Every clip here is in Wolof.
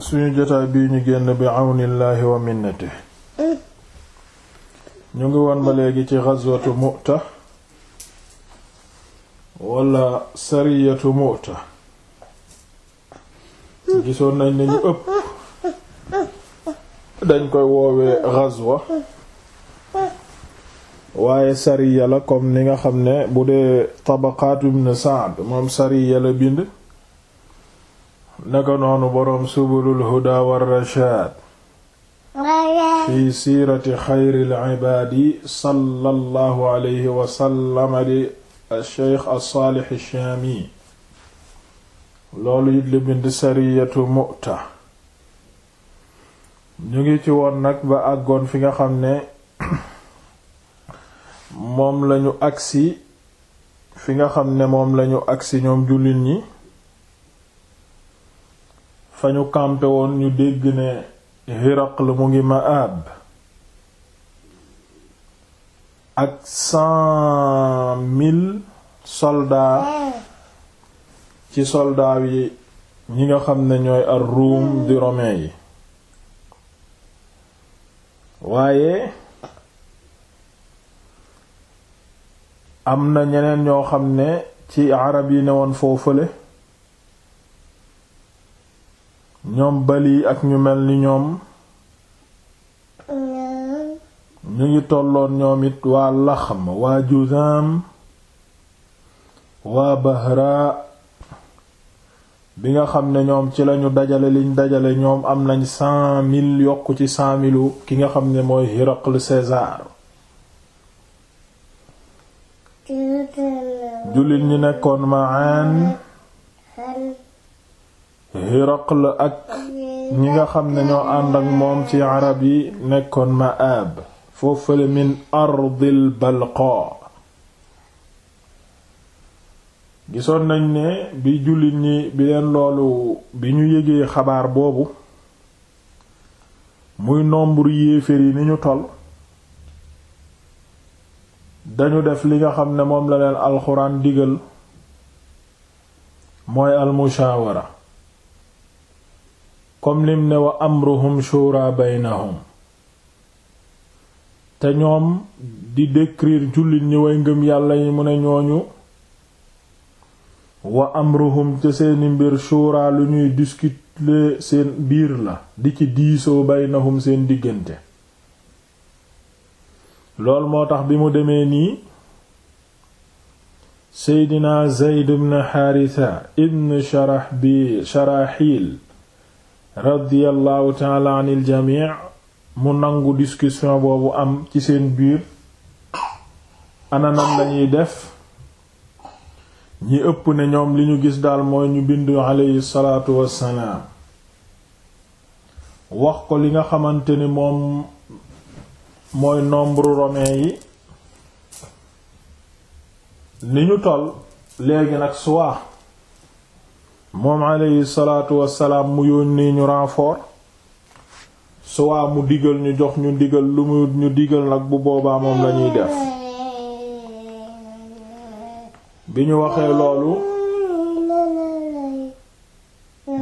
suñu jotaay bii ñu génn bi àwnillaahi wa minnati ñu ngi woon ma léegi ci ghazwatu mu'ta wala sariyatu mu'ta gisoon nañ ne ñu ëpp dañ koy woowee ghazwa waaye sariya la comme ni nga xam ne bu dee tabaqaat ibn Sa'd moom sariya la bind naka noonu boroom subulul huda war rashaad fi siirati xayril ibaadi sallallahu alayhi wa sallam di sheikh as-Saalih ash-Shaami loolu it bind sariyatu Mu'ta ñu ngi ci woon nag ba àggoon nga xam ne moom lañu agsi fi nga xam ne moom lañu agsi ñoom jullit ñi fa ñu campé woon ñu dégg ne Hiraql mu ngi ma Ma'ab ak cent mille soldats ci soldats yi ñi nga xam ne ñooy ar-Rum di romain yi waaye am na ñeneen ñoo xam ne ci arab yi ne woon foofale ñoom bali ak ñu mel ni ñoom ñu ngi tolloon ñoom it waa Laxm waa Juzaam waa Bahra bi nga xam ne ñoom ci lañu dajale liñ dajale ñoom am nañ cent mille yokk ci cent mille ki nga xam ne mooy lu César jullit ñu nekkoon Ma'an la ak ñi nga xam ne ñoo ànd ak moom ci arab yi nekkoon Ma'aab foofale min ardil balqa gisoon nañ ne bi jullit ñi bi leen loolu bi ñu yégee xabaar boobu muy nombre yéeféer yi ni ñu toll dañu def li nga xam ne moom la leen alxuraan digal mooy almushawara comme lim ne wa amruhum shura baynahum te ñoom di décrire jullit ñi way ngëm yàlla yi mu ne ñooñu wa amruhum ca seeni mbir shura lu ñuy discuter seen biir la di ci diisoo baynahum seen diggante lool moo tax bi mu demee nii seydina zeyd ibn ibn sharaxiil radiyallahu taala anil mu nangu discussion boobu am ci seen biir ananam lañuy def ñi ëpp ne ñoom li ñu gis daal mooy ñu bind aleyhi salaatu wassalaam wax ko li nga xamante ni moom mooy nombre romain yi ni ñu toll léegi nag soit moom aleyhi salaatu wassalaam mu yónni ñu renfort suwaa mu digal ñu jox ñu digal lu mu ñu digal nag bu booba moom lañuy def bi ñu waxee loolu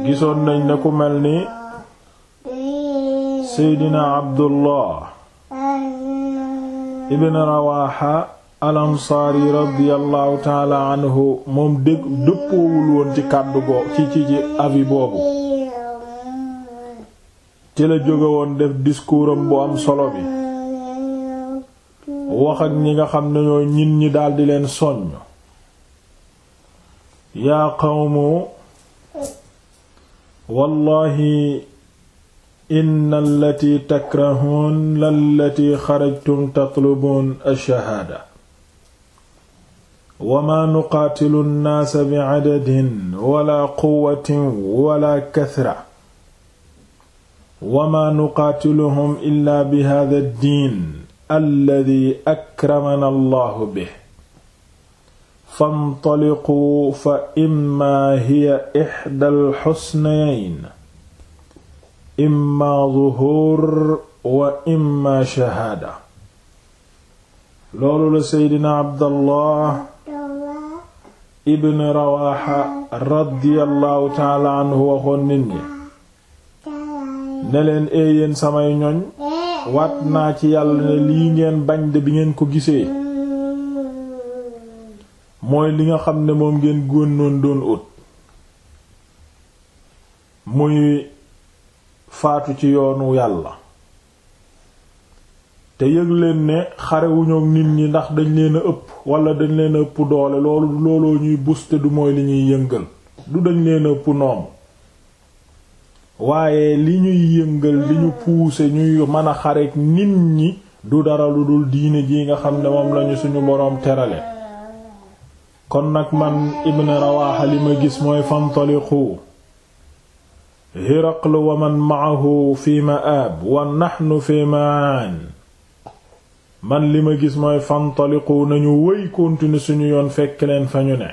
gisoon nañ ne ku mel ni seydina abdullah ibn rawaha alansaari radiyallahu taala anhu moom dëgg dëppoowul woon ci kàddu goo ci ci ci avis boobu ci la jóge woon def discours bu am solo bi wax ak ñi nga xam ne ñooy ñi daldi leen soññ yaa qawmu wallahi inna allati takrahuun lallati xarajtum tatlubuun ash-shahaada wamaa nuqaatilu nnaasa bi cadadin wala quwatin wala kathra wamaa nuqaatiluhum illaa bi hada ddiin alladi akramana allahu bih fantaliquu fa immaa hiya ixda alxusnayn immaa zuhuur wa immaa shahaada loolu la seydina abdallah ibn rawaxa radiyallahu taala anhu waxoon nit ñi ne leen samay ñoñ waat naa ci yàlla ne lii ngeen bañ de bi ngeen ko gisee mooy li nga xam ne moom ngeen gónnoon doon ut muy faatu ci yoonu yàlla te yëg leen ne xarewuñoo nit ñi ndax dañ leen ëpp wala dañ leen a ëpp doole loolu looloo ñuy booster du mooy li ñuy yëngal du dañ leen ëpp noom waaye li ñuy yëngal li ñu pousser ñuy mën a xareek nit ñi du dara lu dul diine ji nga xam ne moom lañu suñu boroom terale kon nag man Ibn Rawaha li ma gis mooy fantaliqu Hiraqlu wa man ma'ahu fi ma'ab wa nahnu fi ma'an man li ma gis mooy fantaliqu nañu wëy continuer suñu yoon fekk leen fa ñu ne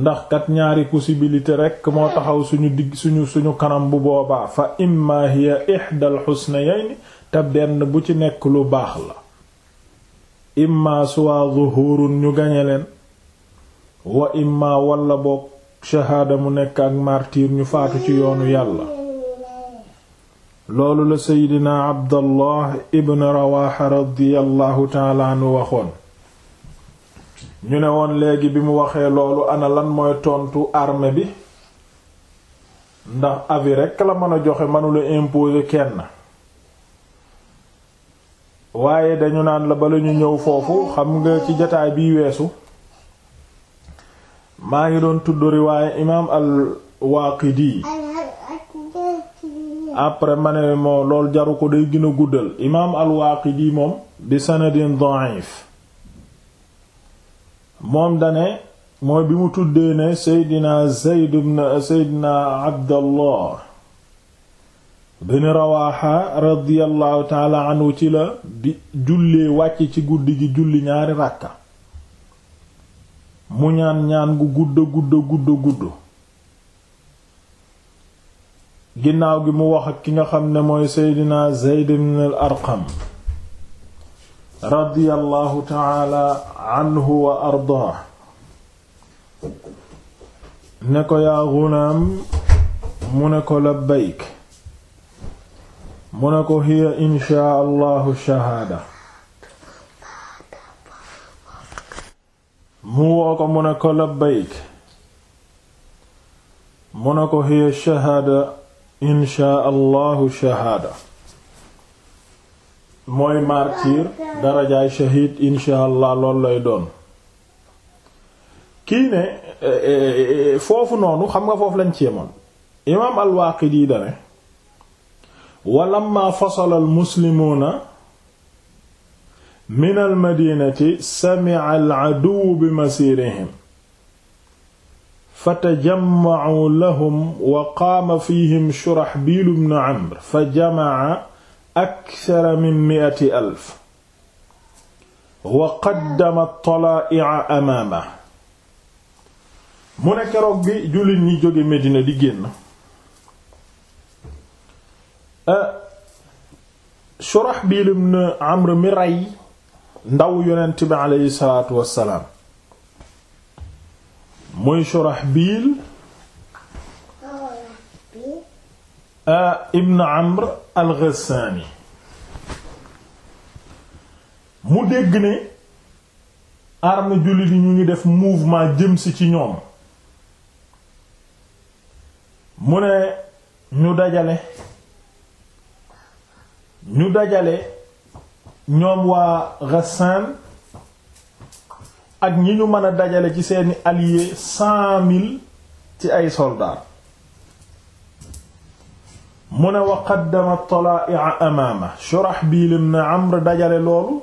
ndax kat ñaari possibilité rekk moo taxaw suñu digg suñu kanam bu boobaa fa imma hiya ihdal xusnayayni te benn bu ci nekk lu baax la imma suwa zuhurun ñu gañe leen wa imma walla boog shahaada mu nekk ak martiir ñu faatu ci yoonu yàlla loolu la seydina abdallah ibn rawaxa radiallahu taala anhu waxoon ñu ne woon léegi bi mu waxee loolu ana lan mooy tontu armée bi ndax avis rekk la mën a joxe mënula imposer kenn waaye dañu naan la bala ñu ñëw foofu xam nga ci jataay biy weesu maa ngi doon tudd riwaaye imaam al waaqidi après ma ne moo loolu jaru ko day gën a guddal imaam al-Waaqidi moom di sanadin da'if moom dane mooy bi mu tuddee ne seydina Zayd ibn seydina Abdallah bin Rawaaxa radiyallahu taala anhu ci la di jullee wàcc ci guddi gi julli ñaari ràkka mu ñaan ñaan gu gudd gudd gudd gudd ginnaaw gi mu wax ak ki nga xam ne mooy seydina zeyd ibn al arqam radiyallahu taala anhu wa ardaa ne ko yaa gulaam mu ne ko labbayk mu ne ko hiya inshaa allahu shahaada mu woo ko mu ne ko labbayk mu ne ko hiya shahaada inshaa allahu shahaada mooy martir darajaay shahid inshaa allah loolu lay doon kii ne e, e, e, foofu noonu xam nga foofu lañ ceemoon imaam al-Waaqidi dane wa lamma al-muslimuuna min al-madiinati al-aduwwu bi masiirihim fatajamma'u lahum wa qaama fihim Shurahbil ibn Amr fa jama'a akthara min mi'ati alf wa qaddama at-talaa'i'a amaamahu mu ne keroog bi jullit ñi jóge Medina di génn ah, Shurahbil ibn Amr mi rey ndaw yonent bi aleyhi salaatu wassalaam muy Shurahbil ibn Amr al-Ghassani mu dégg ne arme jullit yi ñu ngi def mouvement jëm si ci ñoom mu ne ñu dajale ñu dajale ñoom waa Ghassan ak ñi ñu mën a dajale ci seeni alliés cent mille ci ay soldats mu ne wa qaddama talaa'i'a amaama Shurahbil ibn Amr dajale loolu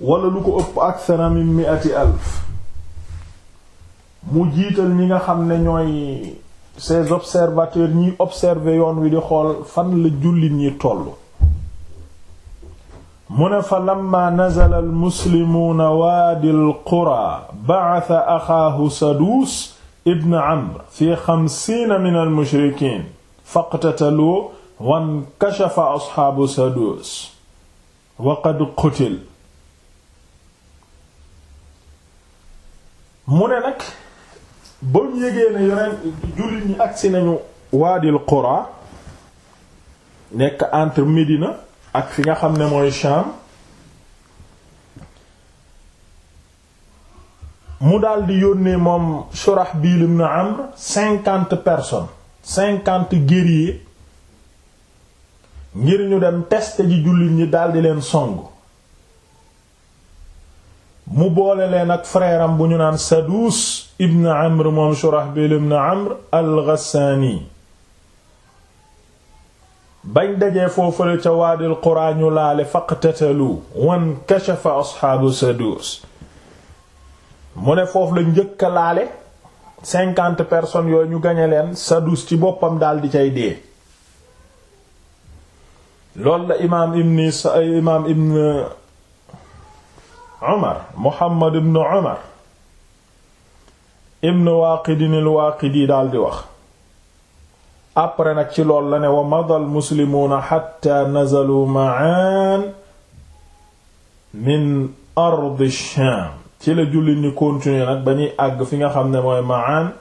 wala lu ko ëpp akthara min mi'ati mu jiital ñi nga xam ne ñooy ces observateurs ñiy observer yoon wi di xool fan la jullit ñi tollu mu ne fa lamma nazala almuslimuuna waadi alqura bacata axaahu saduus ibn amr fi xamsiina min almushrikiin faqtataluu wankashafa asxaabu saduus wa qad qutil mu ne nag ba mu yégee ne yoneen jullit ñi agsi nañu waadil qura nekk entre Médina ak fi nga xam ne mooy Sham mu daldi yónnee moom Shurahbil ibn Amr person personnes cinquante guerriers ngir ñu dem teste ji jullit ñi daldi leen song mu boole leen ak frère bu ñu naan Sadus ibn Amr moom Shurahbil ibn Amr al-Ghassani bañ dajee foofale ca waadil quraa ñu laale faqtatalu wan kashafa asxaabu sadus mu ne foofu la njëkk a laale cinquante personnes yooyu ñu gañe leen sadus ci boppam daal di cay dee loolu la imaam ibni imaam ibn Umar Muhammad ibn Umar ibn Waaqidin al-Waaqidi daal wax après nag ci lool la ne wa madal muslimuuna xatta nazalu ma'an min ardi Shaam ci la jullit ñi continuer nag ba ñuy àgg fi nga xam ne mooy ma'an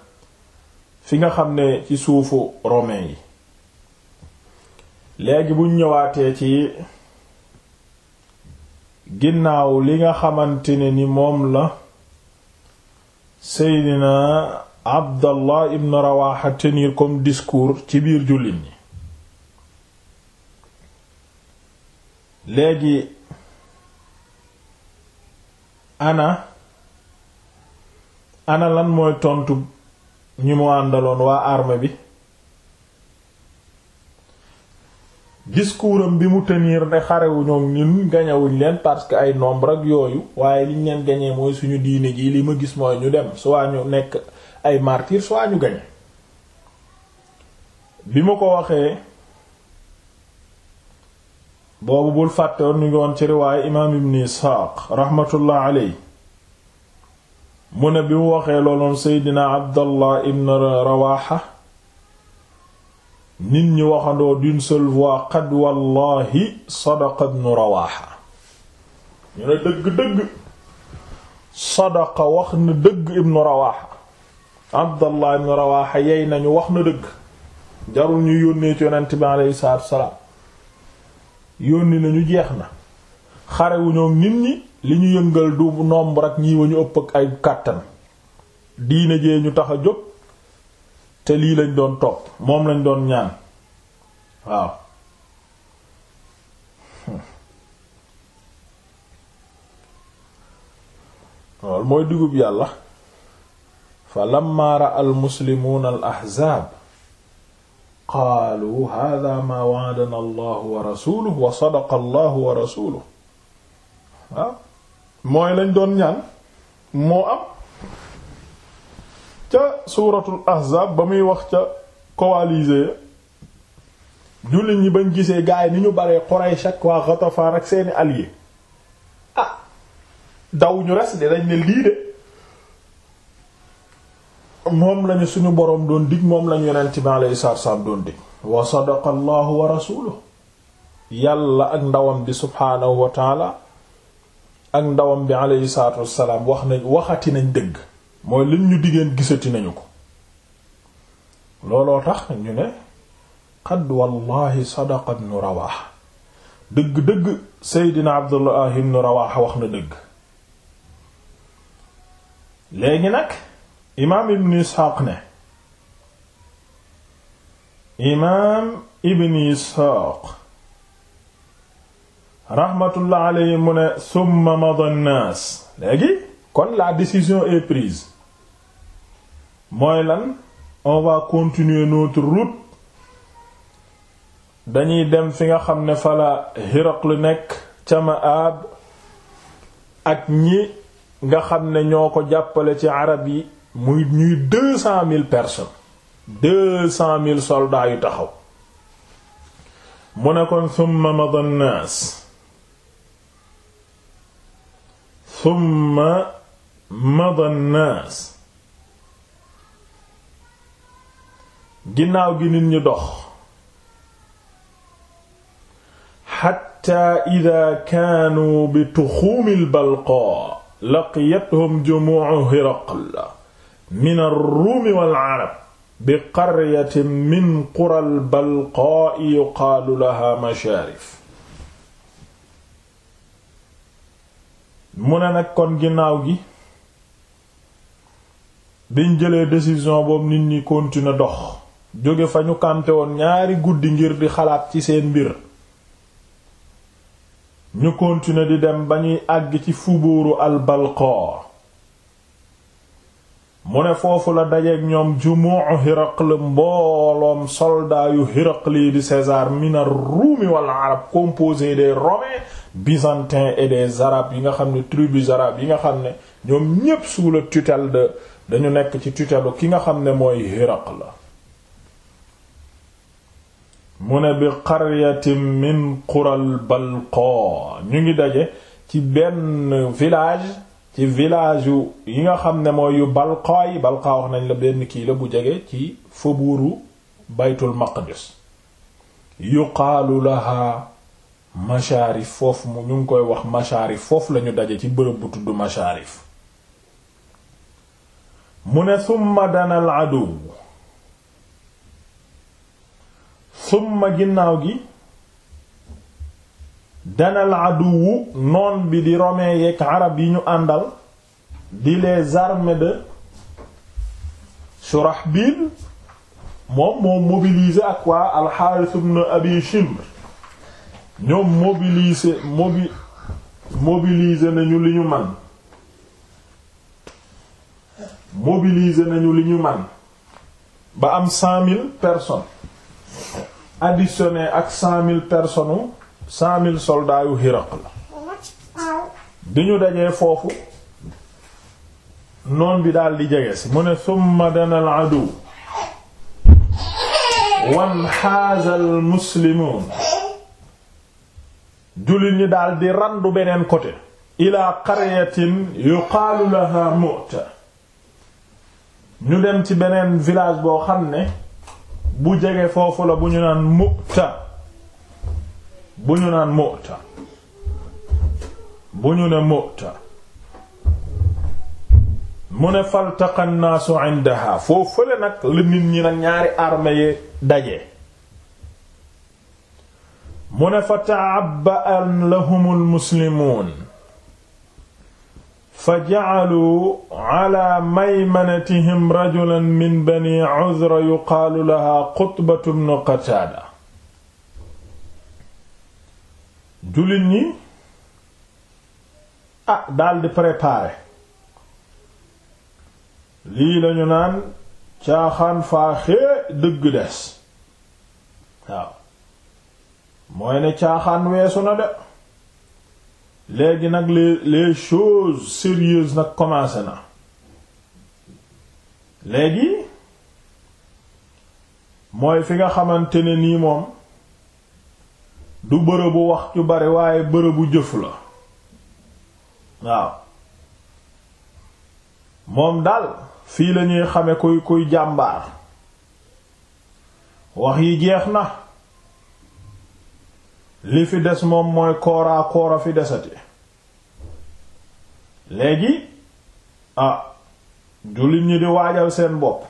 fi nga xam ne ci suufu romain yi léegi buñ ñëwaatee ci ginnaaw li nga xamante ni moom la Seydina Abdallah ibn Rawaha tenir comme discours ci biir jullit ñi léegi ana ana lan mooy tontu ñi mu àndaloon waa armée bi discours am bi mu tenir ne xarewu ñoom ñun gañewuñ leen parce que ay nombre ak yooyu waaye liñ leen gañee mooy suñu diine ji li ma gis mooy ñu dem soit ñu nekk ay martyrs bi mu ko waxee boobu bul fàtte woon ñu ngi ci riwaaye imaam ibn isxaaq raxmatullah aley mu ne bi mu waxee looloon seydina abdallah ibn rawaxa nit ñi waxandoo d'une seule voix qad sadaqa ibn rawaxa ñu ne dëgg-dëgg sadaqa wax na dëgg ibn rawaxa Abdallah ibn Rawaha yey nañu wax na dëgg jarul ñu yónnee ci yonent bi aleyhi salaatu wasalaam yónni nañu jeex na xarewu ñoom nit ñi li ñu yëngal du nombre rek ñii ñu ëpp ak ay kàttan diine jee ñu tax a jóg te lii lañ doon topp moom lañ doon ñaan waaw loolu mooy dugub yàlla fa lamma ra'a almuslimuuna al qaalu hada maa wa'adana allahu wa wa sadaqa allahu wa mooy lañ doon ñaan moo am ca suuratul ahzaab ba muy wax ca coalisé jullit ñi bañ gisee gaay ni ñu baree Quraysh ak waa Ghatafaan ak seeni alliés ah. daw ñu res de dañ ne lii de moom lañu suñu boroom doon dig moom lañu yonent bi alayhi salaatu salaam doon dig wa sadaqa allahu wa rasuluhu yàlla ak ndawam bi subhaanahu wa ak ndawam bi alayhi salaatu wassalaam wax nañ waxati nañ dëgg mooy liñ ñu diggeen gisati nañu ko looloo tax ñu ne qad wallahi sadaqa ibnu rawaax dëgg-dëgg seydina abdullah ibnu rawaax wax na dëgg léegi nag imaam ibn isxaaq ne imaam ibn isxaaq rahmatullah alayhi mu ne summa mada nnaas léegi kon la décision et prise mooy lan on va continuer notre route dañuy dem fi nga xam ne fala Hiraql nekk ca Ma'aab ak ñi nga xam ne ñoo ko jàppale ci arab yi muy ñuy deux cent mille personnes deux cent mille soldats yu taxaw mu ne kon thumma mada nnaas thumma mada nnaas ginnaaw gi nit ñu dox xatta ida kaanu bi tuxuumi lbalqa laqiyathum jumuucu hiraqla min ar-Ruum wal min qura al-Balqaa yuqaalu mu ne nag kon ginnaaw gi biñ jëlee décision boobu nit ñi continuer dox jóge fa ñu kamte woon ñaari guddi ngir di xalaat ci seen mbir ñu continuer di dem ba ñuy àgg ci fubuuru al-Balqaa mu ne foofu la dajeeg ñoom jumu'u Hiraql mbooloom soldat yu Hiraqli di César mina ruumi wal arab composé des romains byzantins et des arabes yi nga xam ne tribus arabes yi nga xam ne ñoom ñépp sous la de dañu nekk ci tutelle ki nga xam ne mooy Hiraql la mu ne bi qaryatin min qural balqa ñu ngi daje ci benn village ci village yu yi nga xam ne mooy yu balqaa yi wax nañ la benn kii la bu jege ci faubourgu baytul maqdis yuqaalu laha masharif foofu ñu ngi koy wax masharif foofu lañu daje ci bërëb bu tudd masharif mu ne summa dana al summa ginnaaw gi danal aduwu noon bi di romain yeeg arab yi ñu àndal di les armées de Shurahbil moom moo mobilisé ak waa al-Harith ibn Shimr ñoom mobilisé mobi mobilisé nañu li ñu man mobilisé nañu li ñu man ba am cent mille personnes additionné ak cent mille personnes cent mille soldats yu Hiraql la bi ñu dajee foofu noon bi daal di jege si mu ne summa dana al adu wan xaazal muslimuun jullit ñi daal randu beneen côté ila qaryatin yuqaalu laha mu'ta ñu dem ci beneen village boo xam ne bu jege foofu la bu ñu naan mu'ta bu ñu naan Mu'ta bu ñu ne Mu'ta mu ne faltaqa an-naasu indaha foo fële nag la nit ñi nag ñaari armée yi daje mu ne fa ta'abba'a lahum al-muslimuun fa ja'aluu ala maymanatihim rajulan min bani 'Udhra yuqaalu laha Qutbatu bnu Qataada jullit ñi ah daldi préparer lii lañu naan caaxaan faaxee dëgg des waaw mooy ne caaxaan weesu na de léegi nag les les choses sérieuses nag commencé na léegi mooy fi nga xamante ne nii moom du bërëbu wax ju bari waaye bërëbu jëf la waaw moom daal fii lañuy xame kuy kuy jàmbaar wax yi jeex na li fi des moom mooy kooraa koora fi desati léegi ah jullit ñi di waajal seen bopp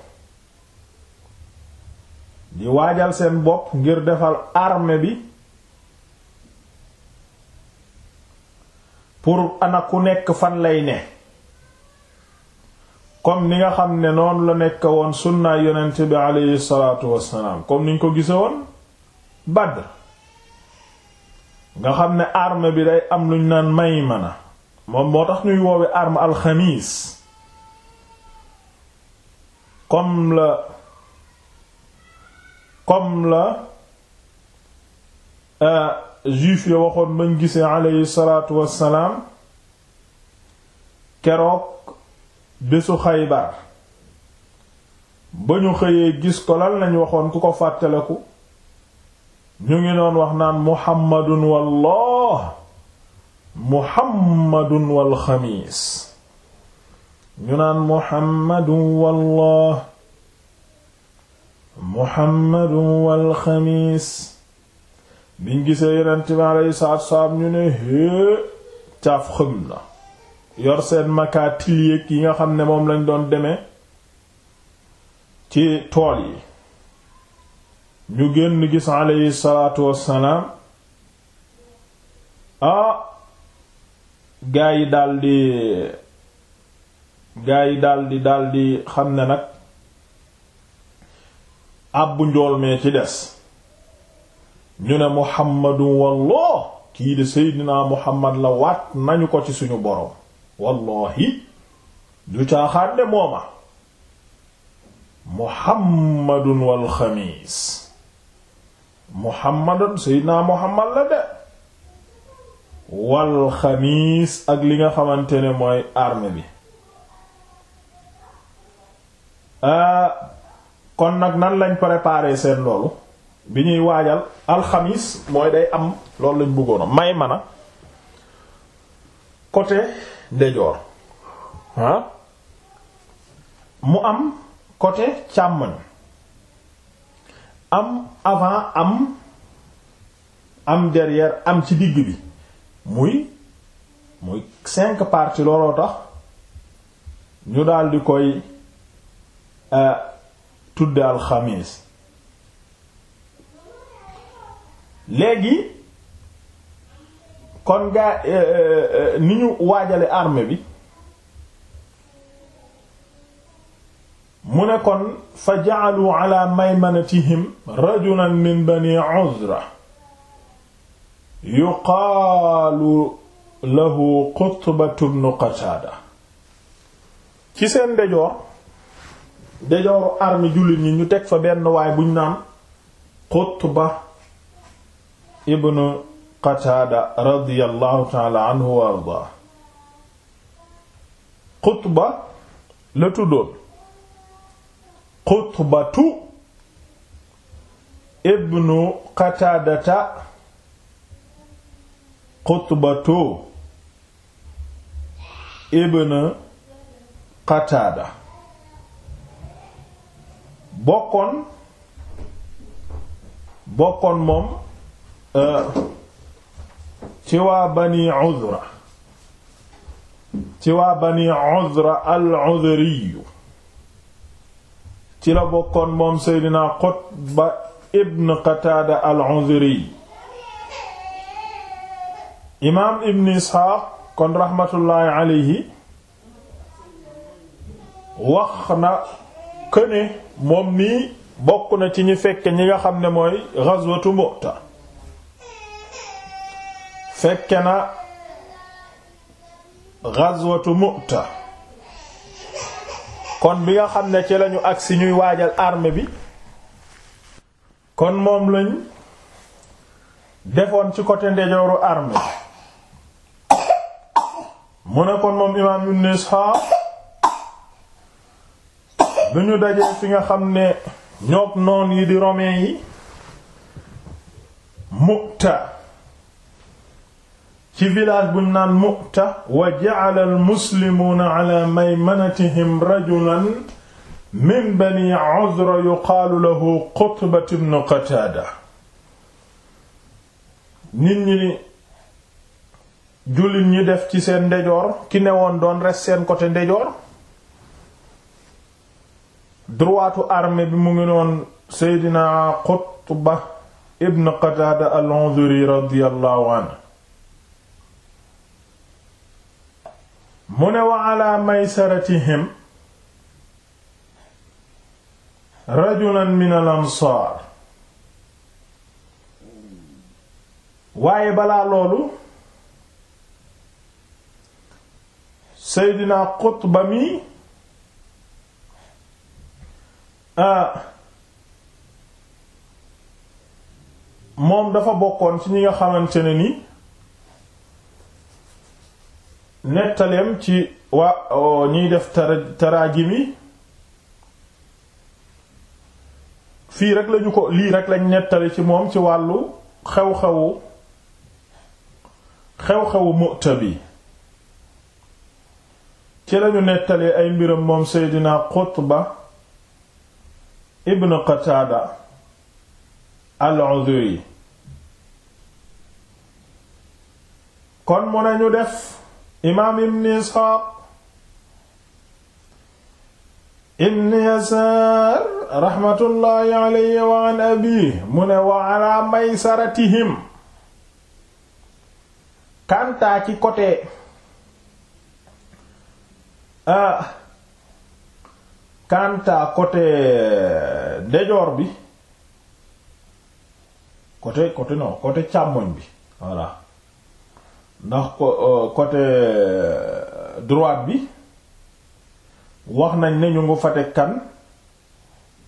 di waajal seen bopp ngir defal armée bi pour ana ku nekk fan lay ne comme ni nga xam ne noonu la nekk woon sunna yonent bi aleyhi salaatu wassalaam comme niñ ko gise woon Badr nga xam ne arme bi day am luñ naan maymana moom moo tax ñuy woowe arme alxamis comme la comme la euh, juif ya waxoon bañ gisee aleyhi salaatu wassalaam keroog bésu xaybar ba ñu xëyee gis ko lan waxoon ku ko fàttaleku ñu ngi doon wax naan muhammadun wallah muhammadun wal xamiis ñu naan muhammadun wallah muhammadun wal xamiis biñ gisee yonent bi alayhi salaatu ñu ne hée caaf xëm na yor seen makaatil yéeg yi nga xam ne moom lañ doon demee ci tool yi ñu génn gis alayhi salaatu wassalaam ah gaa yi daldi gaa yi daldi daldi xam ne nag àbbu njool mee ci des ñu ne muhammadu wallah kii de seydinaa muhammad la waat nañu ko ci suñu boroom wallahi du caaxaan de mooma muhammadun wal xamiis muhammadun seydinaa muhammad la de wal xamiis ak li nga xamante ne mooy arme bi euh, kon nag nan lañ préparer seen loolu bi ñuy waajal alxamis mooy day am loolu lañ bëggoona may mana côté ndejoor ah mu am côté càmmoñ am avant am am derrière am ci digg bi muy muy cinq parties looloo tax ñu daldi di koy euh, tudde alxamis léegi kon gaa euh, euh, euh, ni ñu waajale armée bi mu ne kon fa ja'alu ala maymanatihim rajulan min bani uzra yuqaalu lahu qutbatu bnu qataada ci seen ndejoor ndejooru armée jullit ñi ñu teg fa benn waay buñ naan qutba ibnu qataada radiyallahu taala anhu wa ardaa xutba la tuddoon xutbatu ibnu qataadata bokkoon moom ci waa bani Uzra ci waa bani al-Uzri ci ibn Qataada kon raxmatullaahi alayhi wax na këne moom nii bokk na ci ñi fekke ñi nga xam ne mooy ghazwatu Mu'ta fekke na ghazwatu Mu'ta kon bi nga xam ne ci lañu agsi ñuy waajal arme bi kon moom lañ defoon ci côté ndejooru armée bi mu ne kon moom imaam Ibn Ishaq bi ñu dajee fi nga xam ne ñoog noon yi di romain yi Mu'ta ci village bu naan Mu'ta wa ja'ala al-muslimuuna ala maymanatihim rajulan min bani Uzra yuqaalu lahu Qutba ibn Qataada nit ñi jullit ñi def ci seen ndejoor ki woon doon res seen côté ndejoor droitu armée bi mu ngi noon Seydina Qutba ibn Qataada al-Unzuri radiyallahu anhu mu ne wa ala maysaratihim rajulan min al ansaar waaye balaa loolu seydina ba mi moom dafa bokkoon ci ñi nga xamante ne ni nettaleem ci waa ñiy def taraajimi fii rek lañu ko lii rek lañ nettali ci moom ci wàllu xew-xewu xew-xewu Mu'ta bi ci lañu nettalee ay mbiram moom Seydina Qutba ibn Qataada al-Udhri kon mu ne ñu def imaam ibn isxaaq ibn yasaar raxmatullaahi alayhi wa an abi mu ne wa ala maysaratihim kantaa ci côté kantaa côté dejoor bi côté côté non côté càmmoñ bi voilà ndax ko euh, côté euh, droit bi wax nañ ne ñu ngi fa teg kan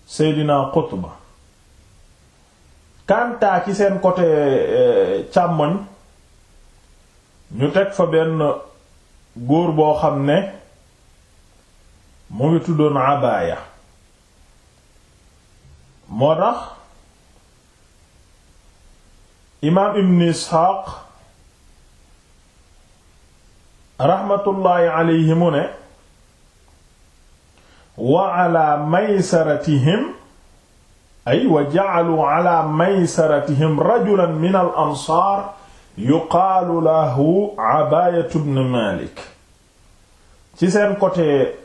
Seydina Qutba kantaa ci seen côté euh, càmmoñ ñu teg fa benn góor boo xam ne mu ngi tuddoon Abaya moo tax imaam Ibn Isxaaq raxmatullaahi alayhi mu ne wa ala maysaratihim ay wa ja'alu ala maysaratihim rajulan min al ansaar yuqaalu lahu abaayatu bnu malik ci seen côté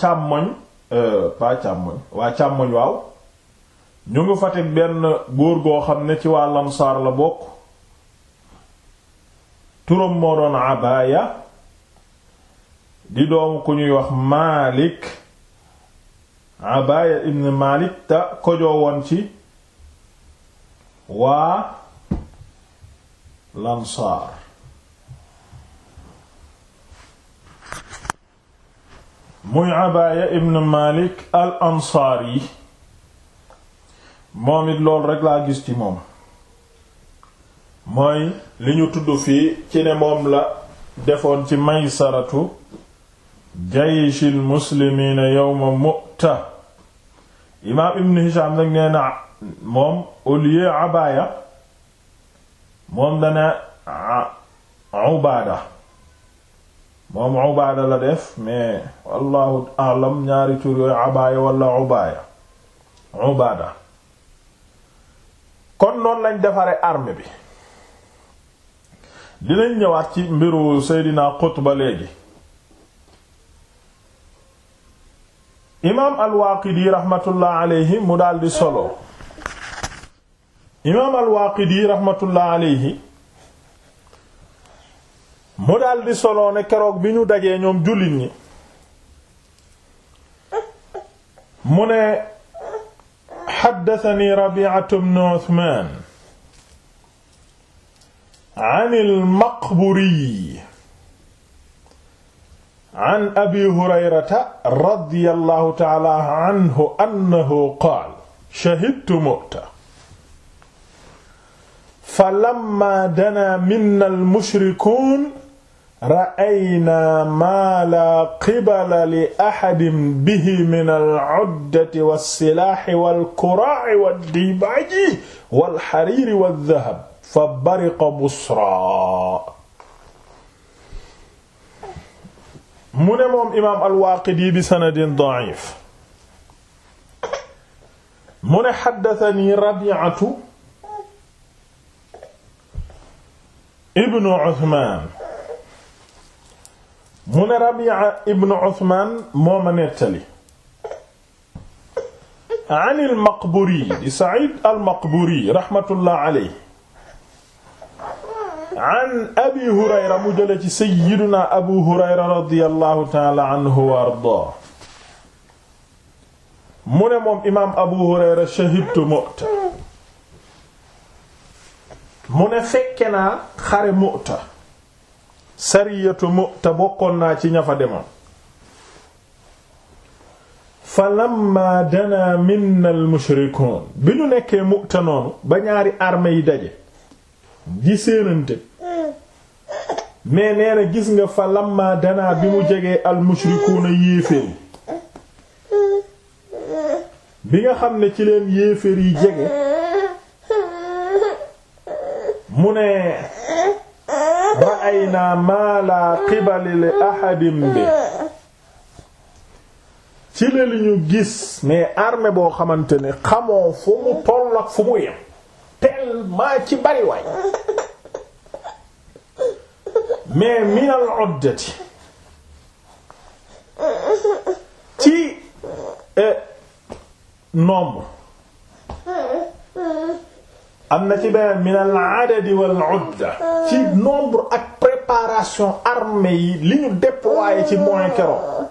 càmmoñ euh, pas càmmoñ waa càmmoñ waaw ñu ngi fa teg benn goo xam ne ci waa lamsaar la bokk turam moo abaaya di doomu ku ñuy wax maalik abaaya ibn maalik te kojoo woon ci waa lansaar muy abaaya ibn maalik al ansaar moom it loolu rekk laa gis ci moom mooy li ñu tudd fii ci ne moom la defoon ci maysaratu jayshil muslimiina yawma mu'ta imaam ibn hisham nag nee na moom au lieu abaya moom dana ubaada moom ubaada la def mais wallahu alam ñaari tur yooyu abaya wala ubaaya ubaada kon noonu lañ defare arme bi dinañ ñëwaat ci mbiru Seydina Qutba léegi imaam al-Waaqidi raxmatullah mu daldi solo imaam al-Waaqidi raxmatullah alayhi mu daldi solo ne keroog bi ñu dajee ñoom jullit ñi mu ne xaddatani Rabi'atu bnu Usmaan an al-Maqburi an abi hurayrata radiyallahu ta'ala anhu annahu qaala shahidtu Mu'ta falamma danaa minna al-mushrikuun ra'aynaa maa laa qibala li ahadin bihi min al-'uddati was-silaahi wal-kuraa'i wad-dibaaji wal-hariiri waz-zahab fa bariqa busra mu ne moom imaam al-Waaqidi bi sanadin da'if mu ne haddathanii Rabi'atu ibnu Usmaan mu ne Rabi'a ibnu Usmaan moo ma nettali an al-Maqburi di Sa'iid al-Maqburi rahmatullah alayhi an abi mu ci sayyiduna abu hurayra radiyallahu taala ne moom imaam abu hurayra shahidtu mu'ta mu ne fekke naa xare mu'ta sariyatu mu'ta bokkoon naa ci ña fa demoon dana minna al mushrikuun bi ñu nekkee mu'ta noonu ba ñaari armée daje giseenante mais nee gis nga fa lamma danaa bi mu jegee almushrikuuna yéeféer bi nga xam ne ci leen yéeféer yi jege mu ne ra'aynaa maa laa qibala li bi ci la li ñu gis mais arme boo xamante ne xamoo fu mu toll ak fu mu yem tellement ci bariwaay mais min al oddati ci euh, nombre am na ci mi min al adadi wal udda li ñu déployer ci moyen keroog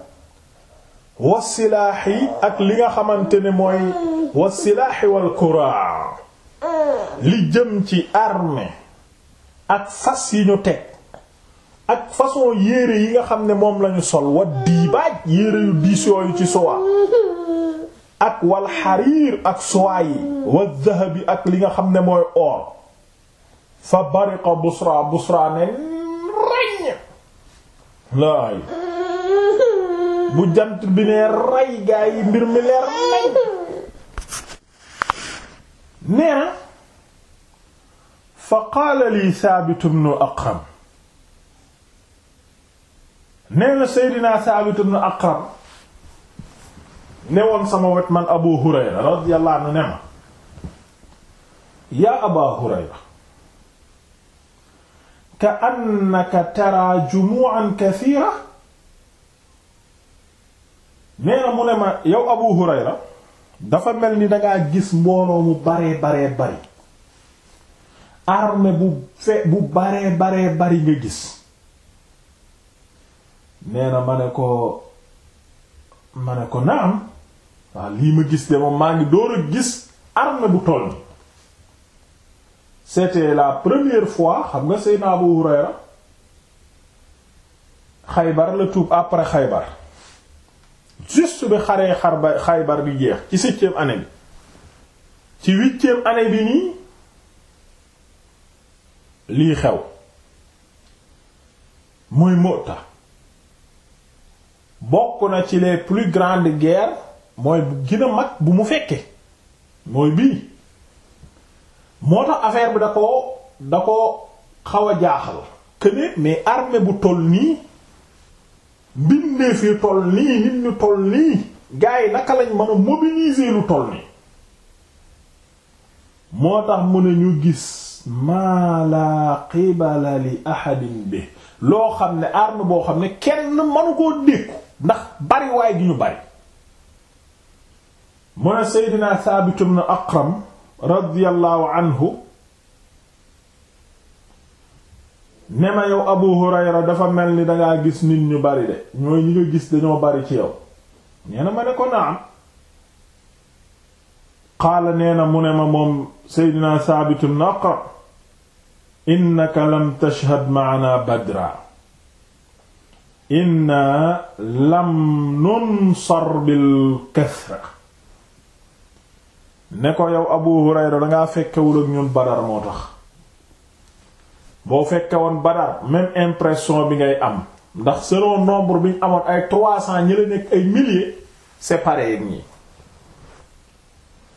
wasilaax ak li nga xamante ne mooy wasilaaxi wal kuraa li jëm ci armée ak fas yi ñu teg ak fason yére yi nga xam ne moom lañu sol wa diibaaj yére yu diis yooyu ci sowa ak wal xariir ak sowa yi wa dahabi ak li nga xam ne mooy or fa bariqa busra busra ne reñ laay jant bi ne rey gaa yi mbir mi leer nañ nee na fa qaala lii Saabit ibnu Aqram nee na Seydina Saabit ibnu Aqram ne woon sama wet man Abu Hurayra radiyallahu anhu ne ma yaa Aba Hurayra ka annaka taraa jumu'an kathiira nee na mu ne ma yow Abu Hurayra dafa mel ni dangaa gis mbooloo mu baree baree bari armée bu fe bu baree baree bari nga gis nee ma ne ko ma ne ko naam waaw lii ma gis de moom maa ngi door a gis armée bu toll nii c'était la première fois xam nga Seydina Abu Hurayra Xaybar la tuub après Xaybar juste bi xaree xar xaybar bi jeex ci septième année bi ci huitième année bi nii lii xew muy Mu'ta bokk na ci les plus grandes guerres mooy bu mag bu mu fekkee mooy bii moo tax affaire bi da ko da ko xaw a jaaxal que mais armée bu toll nii mbindee fi toll nii nit ñu toll nii gars yi naka lañ mën a mobiliser lu toll nii moo tax mu ne ñu gis maa la qibala li ahadin bi loo xam ne arme boo xam ne kenn mënu koo dékku ndax bari waaye gi ñu bari mu ne Seydina Saabit ibn Aqram radiyallahu anhu ne ma yow Abu Hurayra dafa mel ni dangaa gis nit ñu bari de ñooy ñi nga gis dañoo bari ci yow nee na ma ne ko naam qaala nee na mu ne ma moom Seydina Saabit ibn Aqra innaka lam tashhad ma'ana inna lam nunsar bil kathra ne ko yow Abu Hurayra dangaa fekkewul ak ñun Badar moo tax boo fekkee woon Badar même impression bi ngay am ndax selon nombre bi ñu amoon ay trois cent ñi la nekk ay milliers c'est pareil ñi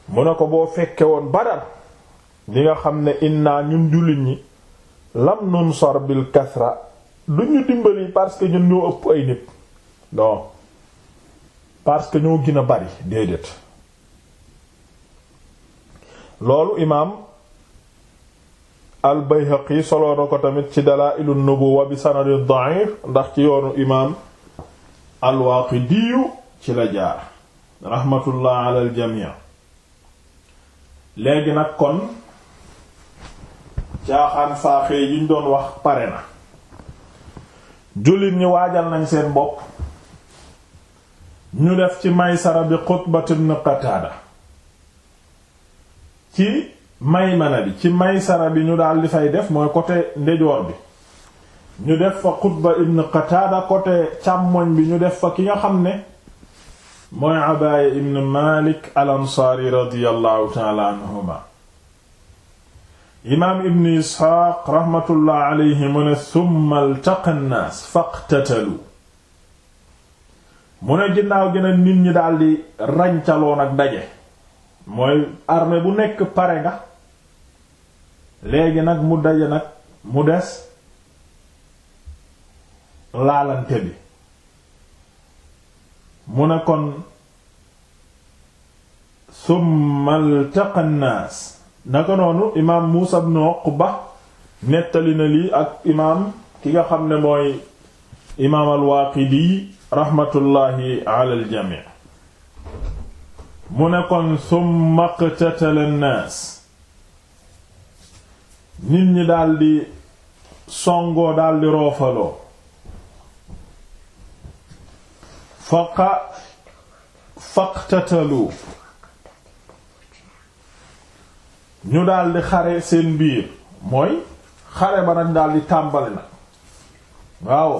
mu ne ko boo fekkee woon Badar li nga xam ne indi inna ñun jullit ñi lam nun sor bil kasra du ñu dimbali parce que ñun ñoo ëpp ay nit non parce que ñoo gën a bari déedéet loolu imaam al Bayhaqi soloo na ko tamit ci Dalaa'il an-Nubuwwa bi sanadin da'if ndax ci yoonu imaam al-Waaqidiyu ci la jaar rahmatullah ala al jamii léegi nag kon caaxaan faaxee yiñ doon wax pare na jullit ñi waajal nañ seen bopp ñu def ci Maysara bi Qutbat ibn ci maymana bi ci maysara bi ñu daal di fay def mooy côté ndejoor bi ñu def fa Qutba ibn Qataada côté càmmoñ bi ñu def fa ki nga xam ne mooy Abaaya ibn Malik al-Ansaari radiyallahu ta'ala anhuma imaam ibn Isxaaq raxmatullah mu ne ginnaaw gën nit ñi daldi rancaloon ak daje mooy armée bu nekk pare nga léegi nag mu daje nag mu des laalante bi mu ne kon summa altaqa nnaas naka noonu imaam Muusa ibn Uqba nettali na lii ak imaam ki nga xam ne mooy imaam al-Waaqidi raxmatullaahi ala al-jamii mu ne kon summa iqtatala nnaas nit ñi daldi songoo daldi roofaloo faqa faqtatalu ñu daldi xare seen biir mooy xare ba nag daldi tàmbali na waaw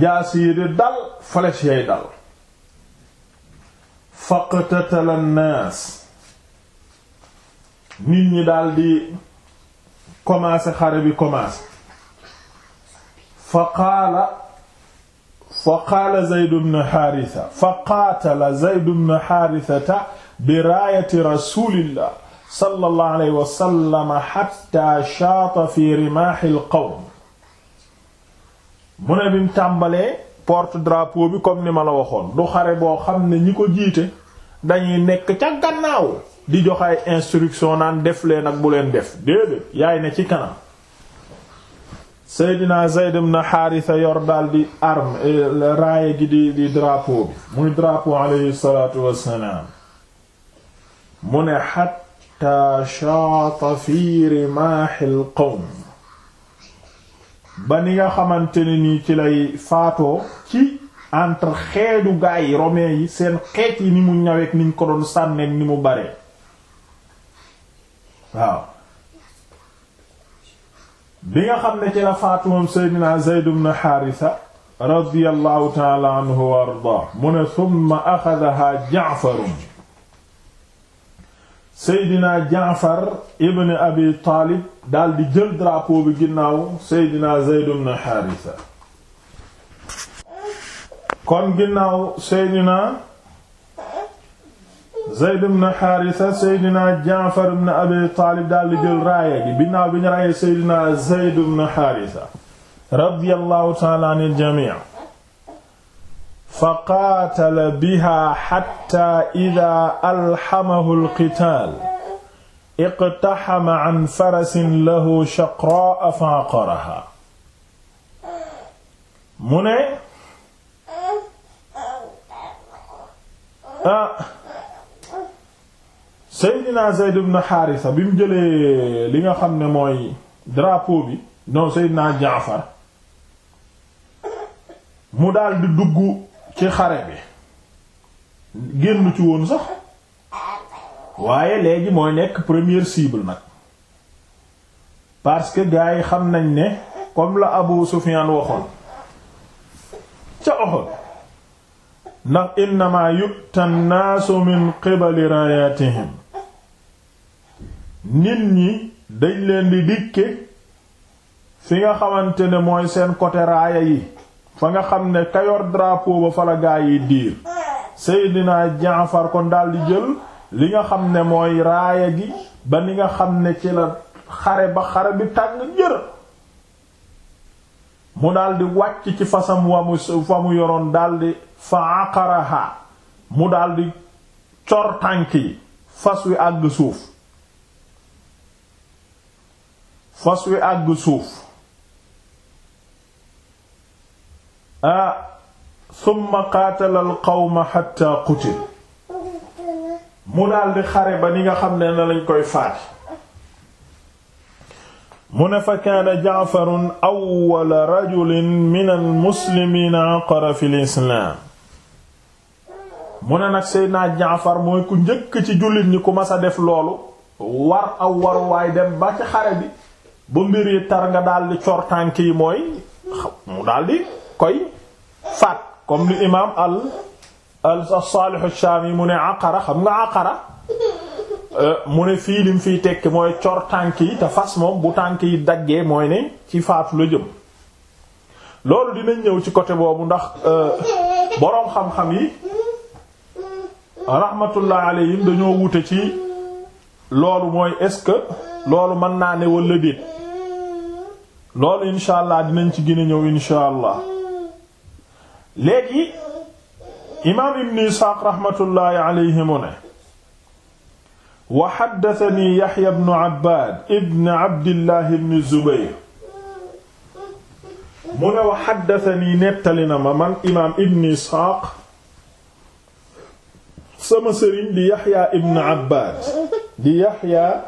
jaas yi di dal flèche yay dal faqtatala nit ñi daal di commencé xare bi commencé fa qaala fa qaala Zayd ibn Haarisa fa qaatala Zayd ibn Haarisata bi raayati rasulillah sallallahu alayhi wa sallam hatta shaata fi rimaahil qawm mu ne bi mu tàmbalee porte drapeau bi comme ni ma la waxoon du xare boo xam ne ñi ko jiite dañuy nekk ca gannaaw di jox ay instruction naan def leen ak bu leen def déedéet yaay ne ci kanam Seydina Zayd ibn Haarisa yor daal di arme eh, raaye gi di di drapeau bi muy drapeau alayhi salaatu wassalaam mu ne xatta shaata fi rimaaxil qawm ba ni nga xamante ne nii ci lay faatoo ci entre xeeju gaay romain yi seen xeet yi ni mu ñaweek niñ ko doon sànneek ni mu bare waaw bi nga xam ne ci la faatu moom seydina Zayd ibn Haarisa radiyallahu taala anhu wa ardaa mu ne summa axadaha Ja'farun seydina Ja'far ibn Abi Taalib daldi jël drapeau bi ginnaaw seydina Zayd ibn Haarisa kon ginnaaw seydina Zayd ibn Haarisa Seydina Jaafar ibn Abi Taalib daal di jël raaya gi binaaw bi ñu raayee Seydina Zayd ibn Haarisa radiyallahu ta'ala anil jamii' fa qaatala biha hatta idha alhamahu al-qitaal iqtahama an farasin lahu shaqraa fa'aqaraha mu ne ah Seydina Zayd ibn Haarisa bi mu jëlee li nga xam ne mooy drapeau bi non Seydina Jaafar mu dal di dugg ci xare bi génn ci woon sax waaye léegi mooy nekk première cible nag parce que gars yi xam nañ ne comme la Abu Sufyaan waxoon ca Uhud ndax innama yu'ta an-naasu min qibali rayaatihim nit ñi dañ leen di dikke fi nga xamante ne mooy seen côté raaya yi fa nga xam ne kayor drapeau ba fa la gaa yi diir Seydina Jaafar ko daldi jël li nga xam ne mooy raaya gi ba ni nga xam ne ci la xare ba xare bi tàng jër mu daldi wàcc ci fasam wa mu fa mu yoroon daldi fa aqaraha mu daldi cor tànk yi fas wi àgg suuf fas wi àgg suuf ah summa qaatala al qawma xatta qutil mu daldi xare ba ni nga xam ne na lañ koy faat mu ne fa kaana jaafarun awwala rajulin min al muslimiina aqara fi l islaam mu ne nag seydinaa jaafar mooy ku njëkk ci jullit ñi ku mas a def loolu war aw waruwaay dem ba ci xare bi bu mbir yi tar nga daldi cor tànk yi mooy mu daldi koy faat comme li imaam al al Saalih ash-Shaami mu ne aqara xam nga aqara euh, mu ne fii lim fiy tekki mooy cor tànk yi te fas moom bu tànk yi daggee mooy ne ci faatu la jëm loolu dina ñëw ci côté boobu ndax euh, boroom xam-xam yi rahmatullah alayhim dañoo wute ci loolu mooy est-ce que loolu mën naa ne walla déet loolu insha allah dinañ ci gën a ñëw insha léegi imaam ibn isxaaq raxmatullaahi alayhi mu ne wa xaddatani yaxya bnu abbaad ibn abdillahi bni zubayr mu ne wa xaddatani nettali na ma man imaam ibn isxaaq sama sëriñ di yaxya ibn abbaad di yaxya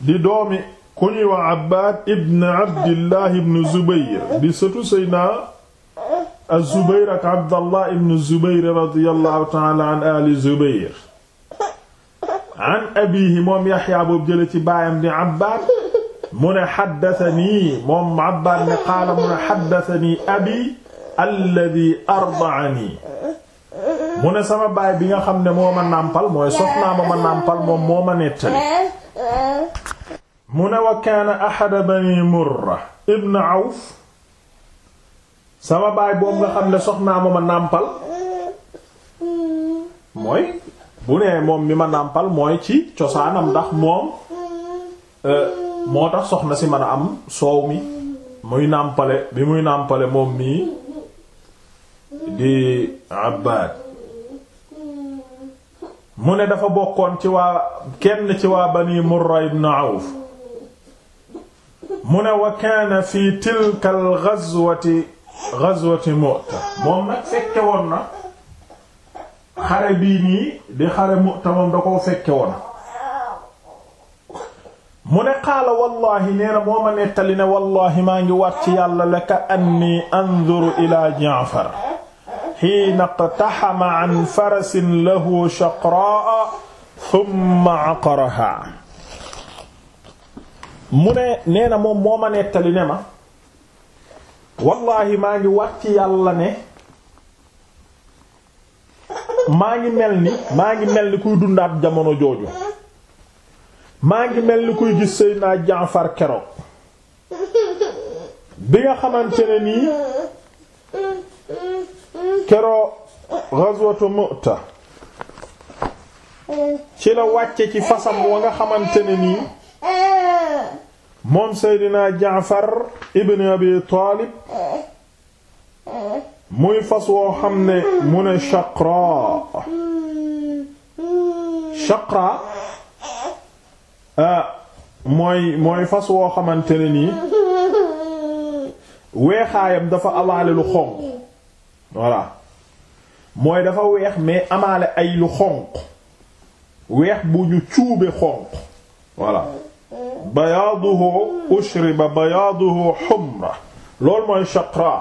di doomi ku ñuy wax Abbaad ibn Abdillah ibn Zubayr di sëtu Seydina Az-Zubayr ak Abdallah ibn Zubayr radiyallahu ta'ala an ali Zubayr an abiihi moom Yaxya boobu jële ci baayam di Abbaad mu ne xaddatanii moom Abbaad ne qaala mu ne xaddatanii abi alladii arda'anii mu ne sama baay bi nga xam ne moo ma nàmpal mooy soxnaa ma ma nàmpal moom moo ma nettali mu ne wa kaana ahada bani murra ibn awf sama baay boobu nga xam ne soxnaa ma ma nàmpal mooy bu nee moom mi ma nàmpal mooy ci cosaanam ndax moom euh, moo tax soxna si mën a am soow mi muy nàmpale bi muy nàmpale moom mii di Abbad mu ne dafa bokkoon ci waa kenn ci waa bani murra ibn awf mu ne wa kaana fi tilka al ghazwati ghazwati Mu'ta moom fekke woon na xare mu ne qaala wallahi nee na moo ma wallahi maa ngi waat ci yàlla la ka anni anzuru ila Ja'far hiina iqtahama an farasin lahu shaqraa thumma aqaraha mu ne nee na moom moo ma nettali ne ma wallaahi maa ngi wax ci yàlla ne maa ngi mel ni maa ngi mel ni kuy dundaat jamono jooju maa ngi mel ni kuy gis Seydina Jaafar keroog bi nga xamante nii kero ghazwatu Mu'ta ci la wàcce ci fasam wa nga xamante nii moom seydina jaafar ibn abi taalib muy fas woo xam ne mu ne shaqra shaqra ah, mooy mooy fas woo xamante ne nii weexaayam dafa amaale lu xonq voilà mooy dafa weex mais amaale ay lu xonq weex bu ñu cuube xonq voilà bayaaduhu ushriba bayaaduhu humra loolu mooy shaqra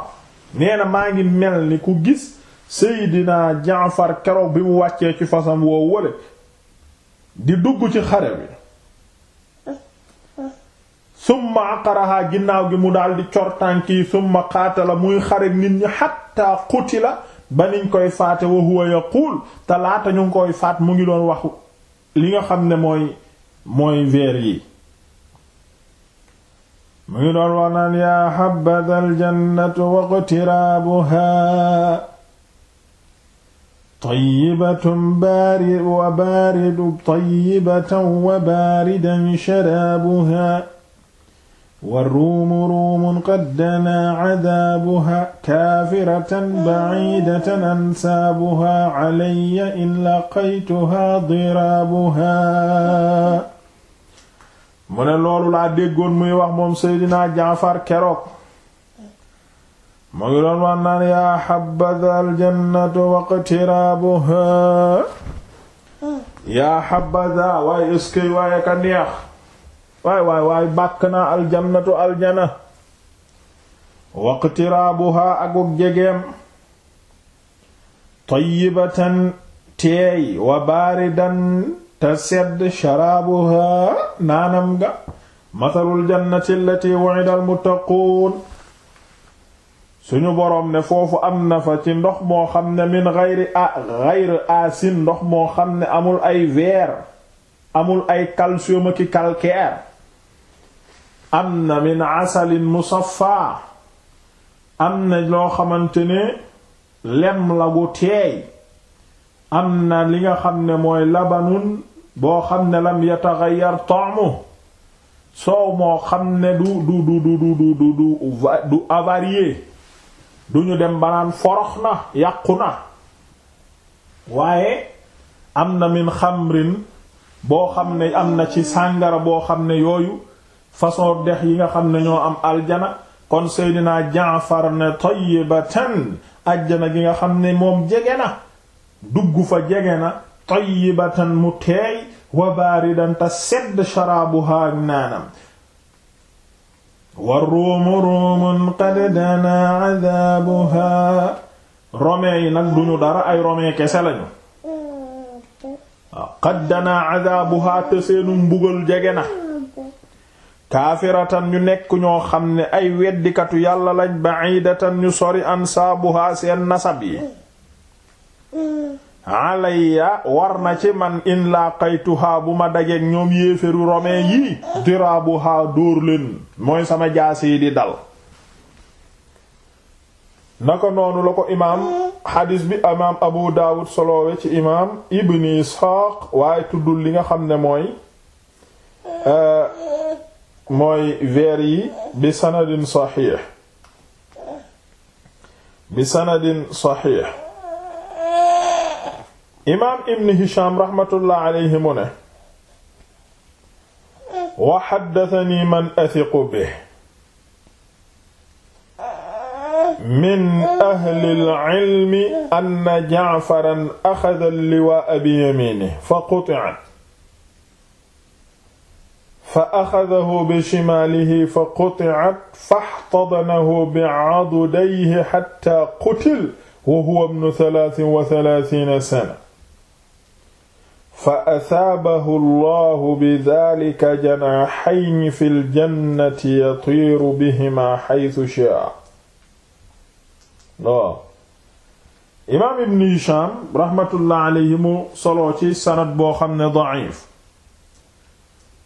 nee maa ngi mel ni ku gis seydinaa jaafar keroog bi mu wàccee ci fasam woo wële di dugg ci xare bi summa aqaraha ginnaaw gi mu daldi cor tànk yi summa qaatala muy xare nit ñi xatta qutila ba niñ koy faate wa huwa yaquul te ñu ngi koy faat mu ngi doon wax li nga xam ne mooy mooy veer yi mu ngi doon wax naan yaa xabada aljannatu waqtiraabuhaa tayyibatun baarid wa baaridu tayyibatan wa baaridan sharaabuhaa wa ruumu ruumun qad danaa cadaabuhaa kaafiratan baciidatan ansaabuhaa calayya in laqaytuhaa diraabuhaa mu ne loolu laa déggoon muy wax moom seydinaa jaafar keroog mu ngi doon wax naan yaa xabada aljannatu waqtiraabuha yaa xabada waaye ëskey waaye ka neex waay waay waay bàkk naa aljannatu aljana waqtiraabuha akuk jegeem tayyibatan teey wa baaridan te sedd sharaabuha naanam nga matalul jannati allati wa'ida almuttaquun suñu boroom ne foofu am na fa ci ndox moo xam ne min ghayri a asin ndox moo xam ne amul ay verre amul ay calcium ak calcaire am na min asalin musaffa am na loo xamante ne lem la gu teey am na li nga xam ne mooy labanun boo xam ne lam yataxayyar ta'mu soow moo xam ne du du du du du du du du avarié duñu dem banaan forox na yàqu na waaye am na min xamrin boo xam ne am na ci sàngara boo xam ne yooyu façon dex yi nga xam ne ñoo am aljana kon seydinaa jaafar ne tayyibatan ajjana gi nga xam ne moom jege na dugg fa jege na tayyibatan mu teey wa baaridan te sedd sharaabuhaa naanam wa ruumu ruumun qad danaa adaabuhaa romains yi nag duñu dara ay romains kese lañu qad danaa adaabuhaa te seenu mbugal jege na kaafiratan ñu nekk ñoo xam ne ay weddikatu yàlla lañ baidatan ñu sori ansaabuhaa seen nasab yi alayya war na ci man in laqaytuhaa bu ma dajeek ñoom yéeféru romain yi diraabuhaa dóor leen mooy sama jaas yi di dal naka noonu la ko imaam xadis bi imaam abu daawud soloowe ci imaam ibn isxaaq waaye tuddul li nga xam ne mooy euh, mooy veer yi bi sanadin saxiix bi sanadin saxiix imaam ibn hisham raxmatullah alayhi mu ne wa xaddatani man athiqu bih min ahli al-ilmi anna ja'faran axada al-liwaa'a biyamiinihi fa quti'a fa axadahu bishimaalihi fa quti'at fahtadanahu bi'adudayhi hattaa qutila wa huwa ibnu thalaathin wa thalaathiina sana fa asaabahu allahu bi daalika janaxayni fi ljannati yatiiru bihimaa xaytu shaa loo imaam ibn Hishaam raxmatullah alayhi mu soloo ci sanad boo xam ne daciif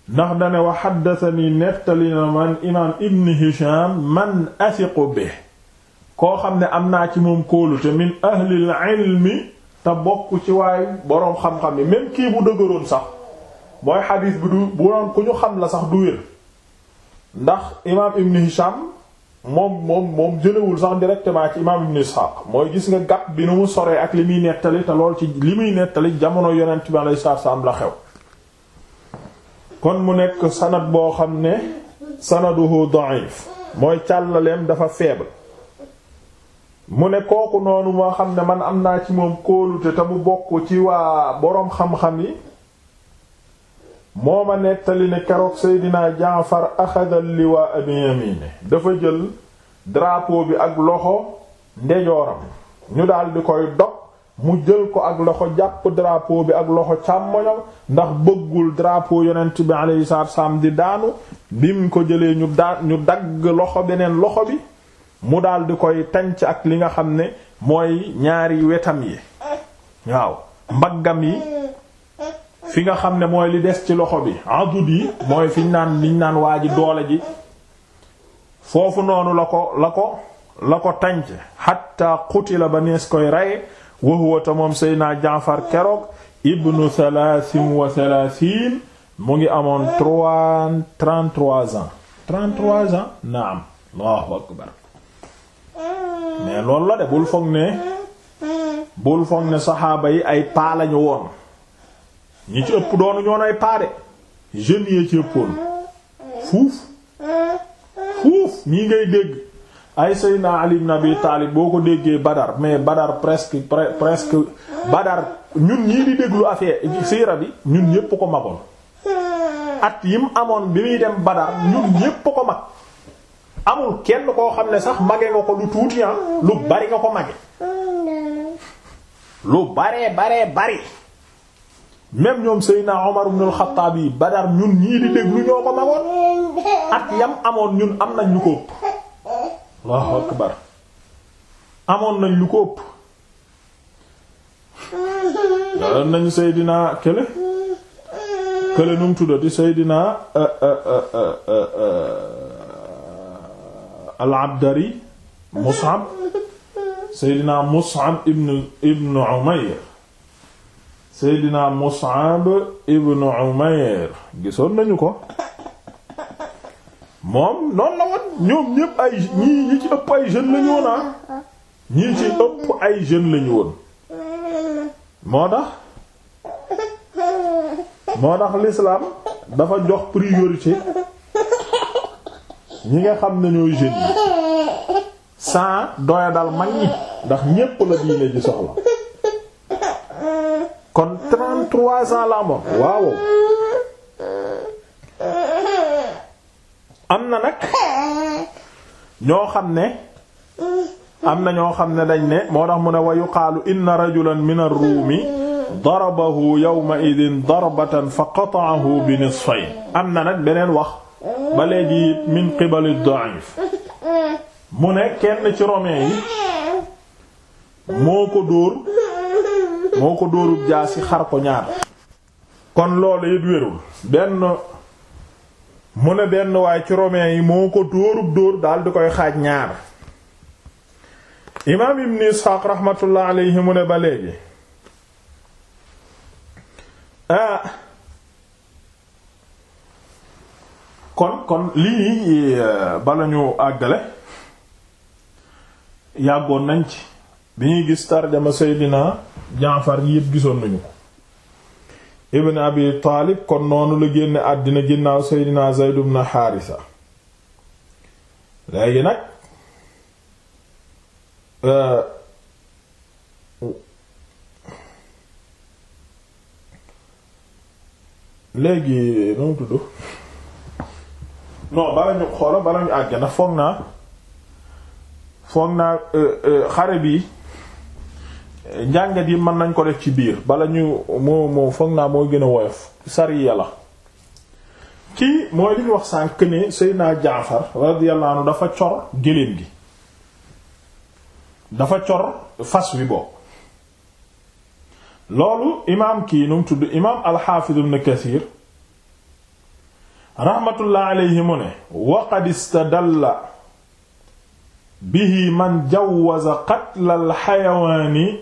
ndax dane wa xaddatani neftali na man imaam ibn Hishaam man asiqu bih koo xam ne am naa ci moom kóolute min ahli ilmi te bokk ci waay boroom xam-xam yi même kii bu dëgëroon sax mooy xadiis bi du bu doon ku ñu xam la sax du wér ndax imaam ibn Hisham moom moom moom jëlewul sax directement ci imaam ibn Ishaq mooy gis nga gàpp bi nu mu soree ak li muy nettali te lool ci li muy nettali jamono yonent bi alayhi salaatu salaam la xew kon mu nekk sanad boo xam ne sanaduhu da'if mooy càllaleem dafa faible mu ne kooku noonu moo xam ne man am naa ci moom kóolute te mu bokk ci waa boroom xam-xam yi moo ma nettali ne keroog Seydina Jaafar axada liwaa bi yamine dafa jël drapo bi ak loxo ndejooram ñu dal di koy dog mu jël ko ak loxo jàpp drapo bi ak loxo càmmoñam ndax bëggul drapeau yonent bi alayhi salaatu wa salaam di daanu bim ko jëlee ñu ñu dagg loxo beneen loxo bi mu daal di koy tànc ak li nga xam ne mooy ñaari wetam yi waaw mbaggam yi fi nga xam ne mooy li des ci loxo bi adud yi mooy fiñ naan liñ naan waa ji doole ji foofu noonu la ko la ko la ko tànc hatta la ba nees koy rey wa huwa ta moom Seydina keroog ibnu thalathin wa thalathin mu ngi amoon trois trente-trois ans trente-trois ans naam Allahu mais loolu la de bul foog ne bul foog ne saxaaba yi ay paa lañu woon ñi ci ëpp doonu ñoon ay paa de jeunes yi ci ëppoon fuuf fuuf ñii ngay dégg ay Seydina Ali ibn Abi boo ko déggee Badar mais Badar presque presque Badar ñun ñii di déglu affaire siira bi ñun ñépp ko magoon at yim amoon bi muy dem Badar ñun ñépp ko mag amul kenn koo xam ne sax mage nga ko lu tuuti ah lu bari nga ko mage lu baree baree bari même ñoom Seydina Omar ibn al-Khattab yi Badar ñun ñii di déglu ñoo ko magoon at yam amoon ñun am nañ lu ko ëpp Allahu amoon nañ lu ko Seydina kële kële nu mu tuddati Seydina euh, euh, euh, al-Abdari Mus'ab Seydina Mus'ab ibn ibn Umayr Seydina Mus'ab ibn Umayr gisoon nañu ko moom noonu la woon ñoom ñépp ay ñii ñi ci ëpp ay jeunes lañu woon ah ñii ci ëpp ay jeunes lañu woon moo tax moo tax l'islam dafa jox priorité ñi nga xam ne ñooy jeunes yi sans doya dal mag ñi ndax ñépp la diine ji soxla kon 33 ans waaw am na nag ñoo xam ne am na ñoo xam ne dañ ne moo tax mu ne wa yuqaalu inna rajulan min ar-ruumi darabahu yawma idin darbatan fa qata'ahu bi nisfayn am na nag beneen wax ba léegi min qibali da'if mu ne kenn ci romain yi moo ko dóor moo ko dóorub jaasi xar ko ñaar kon loolu it wérul benn mu ne benn waaye ci romain yi moo ko dóorub dóor daal koy xaaj ñaar imaam ibn isxaaq rahmatullah alayhi mu ne ba léegi ah, kon kon lii euh, bala ñu àggale yàggoon nañ ci bi ñuy gis tarjama Seydina Jaafar yi yépp gisoon nañu ko ibn abi taalib kon noonu la génn àddina ginnaaw Seydina Zayd ibn Haarisa léegi nag euh, léegi noonu tudd non bala ñu xoola bala ñu àgg na foog naa foog naa euh, euh, xare bi njàngat yi mën nañ ko def ci biir bala ñu moo moo foog naa moo gën a woyof sariya la kii mooy li wax sànq ni Seydina Jaafar radiyallahu anhu dafa cor géléem gi dafa cor fas wi bokk loolu imaam kii nu tudd imaam al-Hafiz ibn Kathir raxmatullah alayhi mu ne waqad istadalla bihi man jawwaza qatla alxayawaani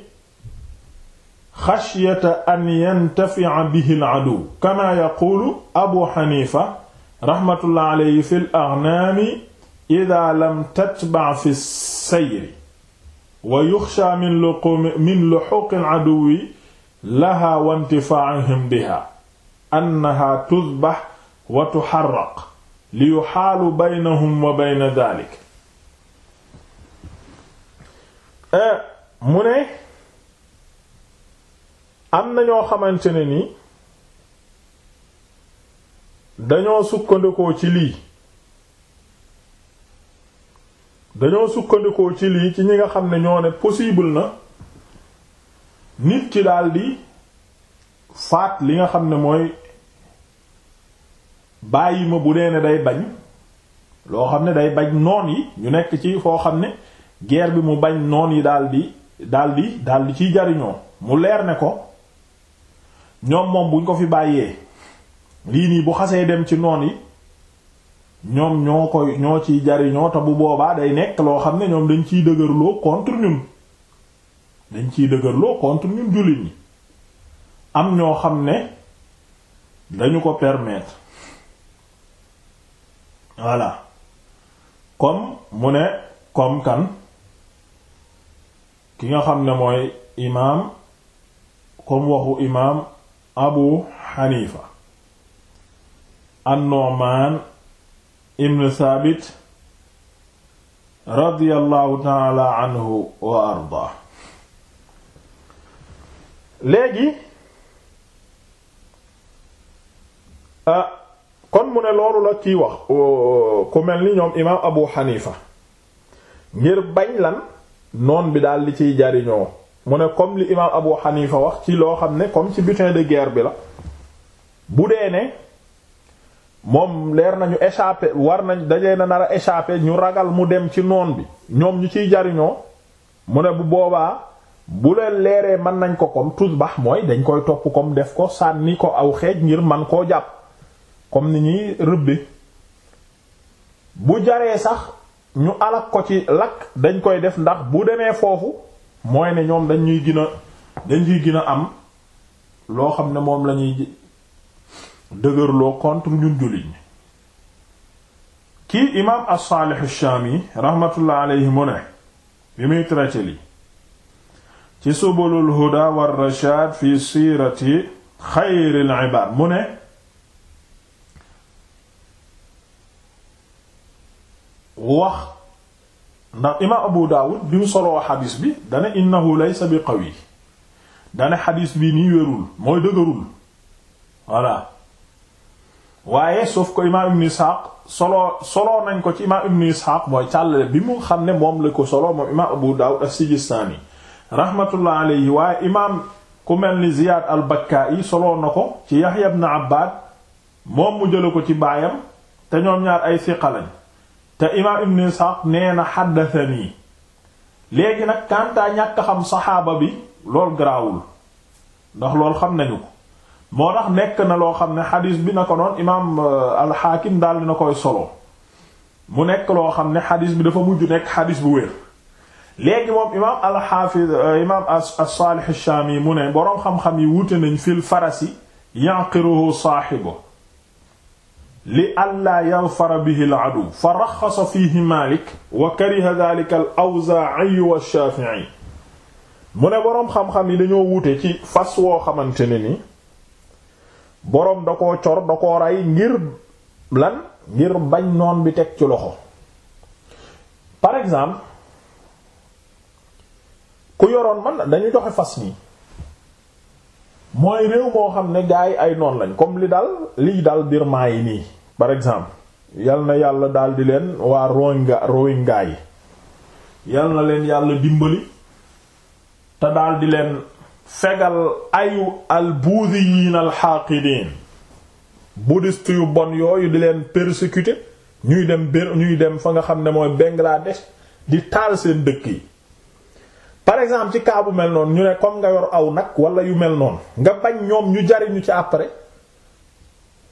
xashyata an yantafica bihi aladuw kama yaquulu abu xanifa raxmatullah alayhi fi lagnaami ida lam tatbac fi sayri wa yuxsha min luqumi min luxuqi aladuwi laha wa intifaacihim biha annaha tudbax watu tuxarraq li yuxaalu baynahum wa bayna dalik eh, mu ne am na ñoo xamante ne nii dañoo sukkandikoo ci lii dañoo sukkandikoo ci lii ci ñi nga xam ne ñoo ne possible na nit ki daldi faat li nga xam ne mooy bàyyi ma bu dee ne day bañ loo xam ne day bañ noon yi ñu nekk ci foo xam ne guerre bi mu bañ noon yi daldi daldi daldi ciy jariñoo mu leer ne ko ñoom moom buñ ko fi bàyyee lii nii bu xasee dem ci noon yi ñoom ñoo koy ñoo ciy jariñoo te bu boobaa day nekk loo xam ne ñoom dañ ciy dëgërloo contre ñun dañ ciy dëgërloo contre ñun jullit ñi am ñoo xam ne dañu ko permettre voilà comme mu ne comme kan ki nga xam ne mooy imaam comme waxu imaam abu xanifa an-Nu'man ibn Thabit radiyallahu taala anhu wa arda léegi ah, kon mu ne loolu la ciy wax ku mel ni ñoom imaam Abu Hanifa ngir bañ lan noon bi daal li ciy jariñoo mu ne comme li imaam Abu Hanifa wax ci loo xam ne comme ci butin de guerre bi la bu dee ne moom leer nañu échappé war nañ daje na nar a ñu ragal mu dem ci noon bi ñoom ñu ciy jariñoo mu ne bu boobaa bu leen leeree mën nañ ko comme tus bax mooy dañ koy topp comme def ko sànni ko aw xeej ngir man koo jàpp comme ni ñuy rëbbi bu jaree sax ñu alak ko ci lakk dañ koy def ndax bu demee foofu mooy ne ñoom dañ ñuy gën a dañ ciy gën a am loo xam ne moom lañuy dëgërloo contre ñun jullit ñi kii imaam as-Salih ash mu ne bi muy traité li ci subulul huda war rashad fi sirati xayril ibad mu ne wax ndax imaam Abu Dawud bi mu soloo xadis bi dana innahu laysa bi qawi dana xadis bi nii wérul mooy dëgërul voilà waaye sauf ko imaam Ibn Ishaq solo solo nañ ko ci imaam Ibn Ishaq mooy càllale bi mu xam ne moom la ko solo moom imaam Abu Dawud as-Sijistani rahmatullah alayhi waaye imaam ku mel ni Ziyad al-Bakka'i solo na ko ci Yahya ibn Abbad moom mu jële ko ci baayam te ñoom ñaar ay siqa lañ te imaam ibn Isxaaq nee na xaddatani léegi nag kantaa ñàkk xam saxaaba bi lool garaawul ndax lool xam nañu ko moo tax nekk na loo xam ne xadiis bi na ko noon imaam euh, alxaakim daal dina koy solo mu nekk loo xam ne xadiis bi dafa mujj nekk xadiis bu wér léegi moom imaam alxaafiz euh, imaam as-Saalih mu ne boroom xam-xam yi wuute nañ fil farasi yanqiruhu saahibu li allaa yadfara bihi al adu fa raxasa fiihi Maalik wa kariha daalika al Awzaa'i wa mu ne boroom xam-xam yi dañoo wute ci fas woo xamante ne ni boroom da koo cor da koo rey ngir lan ngir bañ noon bi teg ci loxo par exemple ku yoroon man dañu joxe fas nii mooy réew moo xam ne gaay ay noon lañ comme li dal liy dal Birma yi nii par exemple yal na yàlla daal di leen waa Rohingya gaa yi yal na leen yàlla dimbali te daal di leen fegal ayu albuudiyiin alxaaqidiin bouddhiste yu bon yooyu di leen persécuter ñuy dem bir ñuy dem fa nga xam ne mooy Bangladesh di taal seen dëkk yi exemple ci cas bu mel noonu ñu ne comme nga yor aw nag wala yu mel noonu nga bañ ñoom ñu jariñu ci après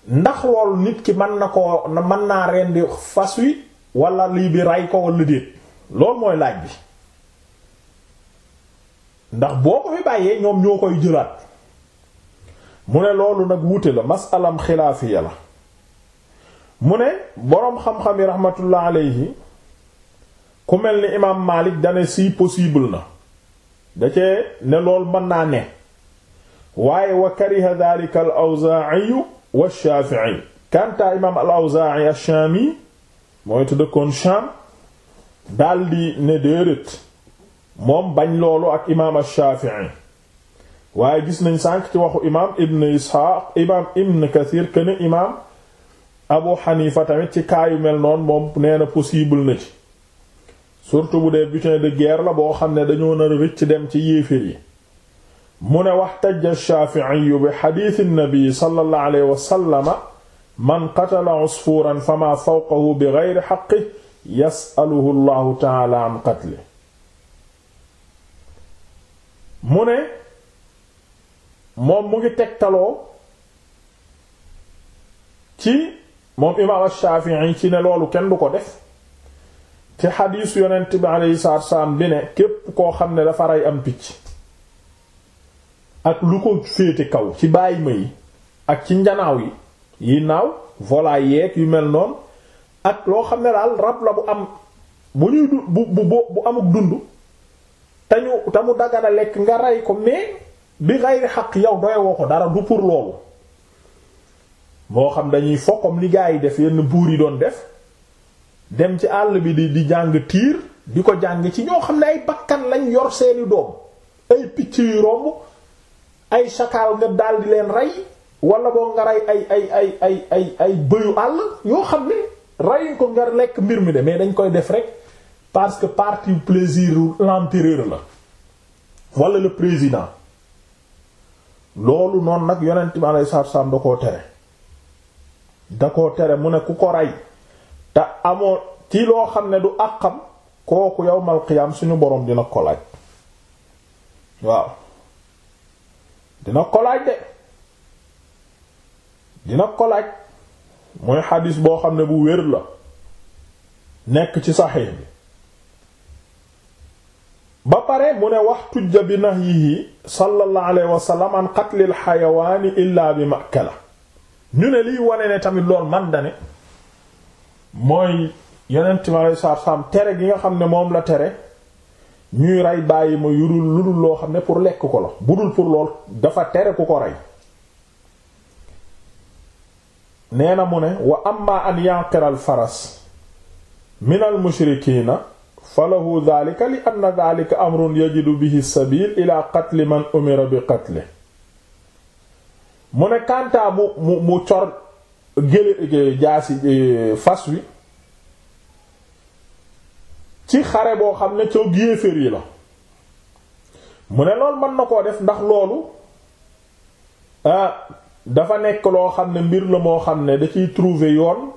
ndax loolu nit ki mën na koo mën naa rendi fas wi wala lii bi ray ko wala déet loolu mooy laaj bi ndax boo ko fi bàyyee ñoom ñoo koy jëlaat mu ne loolu nag wuti la masalam xilaafiya la mu ne boroom xam-xam yi rahmatullah alayhi ku mel ni imaam Maalik dane si possible na da ne lool mën naa ne waaye wa kariha dhalika al awzaa'i wa shaafi'i kanta imaam al shaami mooy te dëkkoon Shaam daldi ne déerét moom bañ loolu ak imaam ash-shaafi'i waaye gis nañ sànq ci waxu imaam ibn isxaaq imaam ibn kathir këne imaam abu xanifa tamit ci kaayu mel noonu moom nee possible na ci surtout bu dee butin de guerre la boo xam ne dañoo nar a rëcc dem ci yéeféer yi mu ne wax tajja shaafiiyu bi xadiisi nabi sallallahu alayhi wasallama man qatala usfuuran fama fawqahu bi geyri xaqi yasaluhu taala an qatli mu ne moom mu ngi tegtaloo ci moom imaam shaafi'i ci ne loolu kenn du ko def ci xadiis yonent bi alayhi salaatu salaam bi ne képp koo xam ne dafa rey am picc ak lu ko féete kaw ci bàyyi ma ak ci njanaaw yi yi naaw volaille yeeg yu mel noon ak loo xam ne daal rab la bu am bu ñuy bu bu bu amuk dund te ñu te mu dagana lekk nga rey ko mais bi xayri xaq yow doy ko dara du pour loolu moo xam dañuy fokkom li yi def yenn buur yi doon def dem ci àll bi di di jàng tiir di ko jàng ci ñoo xam ne ay bakkan lañ yor seeni doom ay picc yu romb ay sakaal nga daal leen rey wala boo nga ay ay ay ay ay ay bëyu àll yoo xam ne reyuñ ko nga lekk mbir mi de mais dañ koy def rek parce que parti plaisir l'empereur la wala le président loolu noonu nag yonent bi alayhi salaatu salaam da koo tere da koo tere mu ne ku ko rey te amoo ci loo xam ne du àqam kooku yawmal qiyaam suñu boroom dina ko laaj waaw dina ko de dina ko laaj mooy boo xam ne bu wér la nekk ci saxiix bi ba pare mu ne wax tujja bi nahyihi sallallahu alayhi wa sallam an qatlil xayawaani illaa bi makala ñu ne liy wane ne tamit lool man dane mooy yonent mi aleyhi salaatu tere gi nga xam ne moom la tere ñuy rey bàyyi ma yurul lu dul loo xam ne pour lekk ko la bu dul pour lool dafa tere ku ko rey nee na mu ne wa amma an yanqiral faras min al mushrikiina fa lahu daalika li anna daalika amrun yajidu bihi sabil ila qatli man umira bi qatli mu ne kantaa mu mu mu cor gële jaasi fas wi ci xare boo xam ne coog yéeféer yi la mu ne loolu mën na koo def ndax loolu ah dafa nekk loo xam ne mbir la moo xam ne da ciy trouver yoon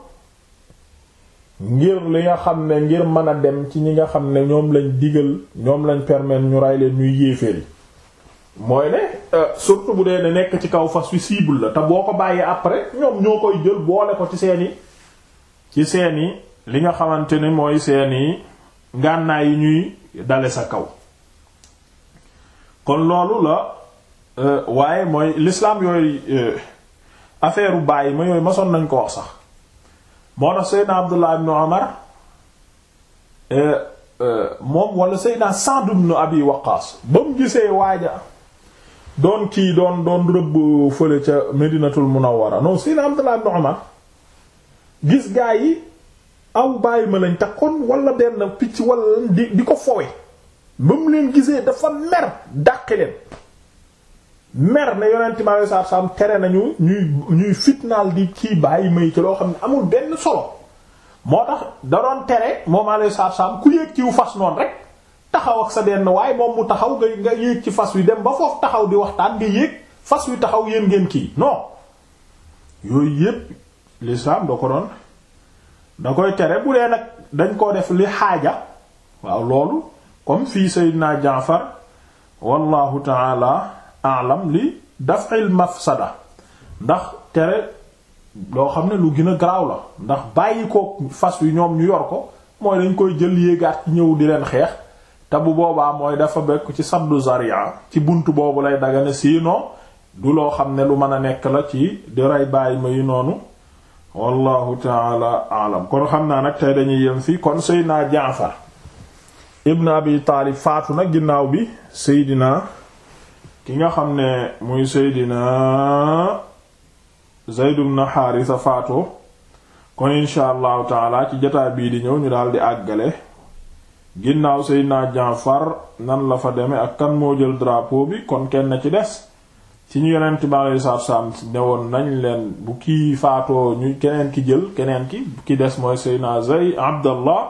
ngir li nga xam ne ngir mën a dem ci ñi nga xam ne ñoom lañ digal ñoom lañ permettre ñu ray leen ñuy yéeféer yi mooy ne surtout bu dee ne nekk ci kaw fa wi la te boo ko bàyyee après ñoom ñoo koy jël boole ko ci seeni ci seeni li nga xamante ni mooy seeni ngànnaay yi ñuy dale sa kaw kon loolu la euh, waaye mooy lislaam yooyu euh, affaire u bàyyi ma yooyu masoon nañ ko wax sax moo tax Seydina Abdullah ibn Umar euh, moom wala Seydina Sa'd ibn Abi Waqqas ba mu gisee waaja doon kii doon doon rëbb fële ca Medinatul Munawwara non Seydina Abdullah ibn Umar gis gaa yi aw bàyyi ma lañ takkoon wala benn picc wala di di ko fowe ba mu leen gisee dafa mer dàqi leen mer ne yonent mi alei satu salaam tere nañu ñuy ñuy fitnaal di kii bàyyi may ci loo xam ne amul benn solo moo tax da doon tere moom alei satu salaam ku yéeg ciw fas noonu rek taxaw ak sa denn waaye moom bu taxaw nga nga yéeg ci fas wi dem ba foofu taxaw di waxtaan nga yéeg fas wi taxaw yéen ngeen kii non yooyu yépp l'islam da ko doon da koy tere bu dee nag dañ koo def li xaaja waaw loolu comme fii Seydina Jaafar wallahu taala alam li daf'il mafsada ndax tere loo xam ne lu gën a garaaw la ndax bàyyi ko fas wi ñoom ñu yor ko mooy dañ koy jël yéegaat ci ñëw di leen xeex te bu boobaa mooy dafa bekk ci saddu zaria ci bunt boobu lay dagane sinon du loo xam ne lu mën a nekk la ci di rey bàyyi ma yi noonu wallahu taala alam kon xam naa nag tey dañuy yem fii kon seydinaa jaafar ibn abi taalib faatu nag ginnaaw bi seydinaa ki nga xam ne muy seydinaa zayd ibn sa faatoo kon insha allahu taala ci jotaay bii di ñëw ñu daal di àggale ginnaaw Seydina Jaafar nan la fa demee ak kan moo jël drapeau bi kon kenn ci des ci ñu yeneen ci maaley saabsaab ne woon nañ leen bu kii faatoo ñu keneen ki jël keneen ki ki des mooy Seydina Zey Abdallah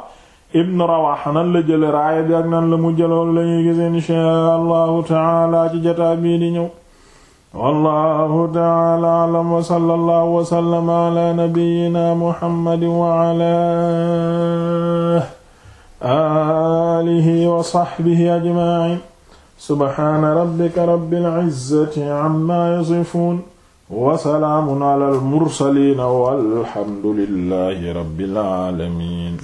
Ibn Rawaha nan la jëlee raaya bi ak nan la mu jëloon la ñuy gis inshaa Allahu taala ci jotaay bii di ñëw. wallahu taala alam wa sallallahu wa sallama ala nabiyyina Muhammadin wa ala alihi wa sahbihi ajma'in subhana rabbika rabbil izzati ala al mursalin walhamdulillahi rabbil alamin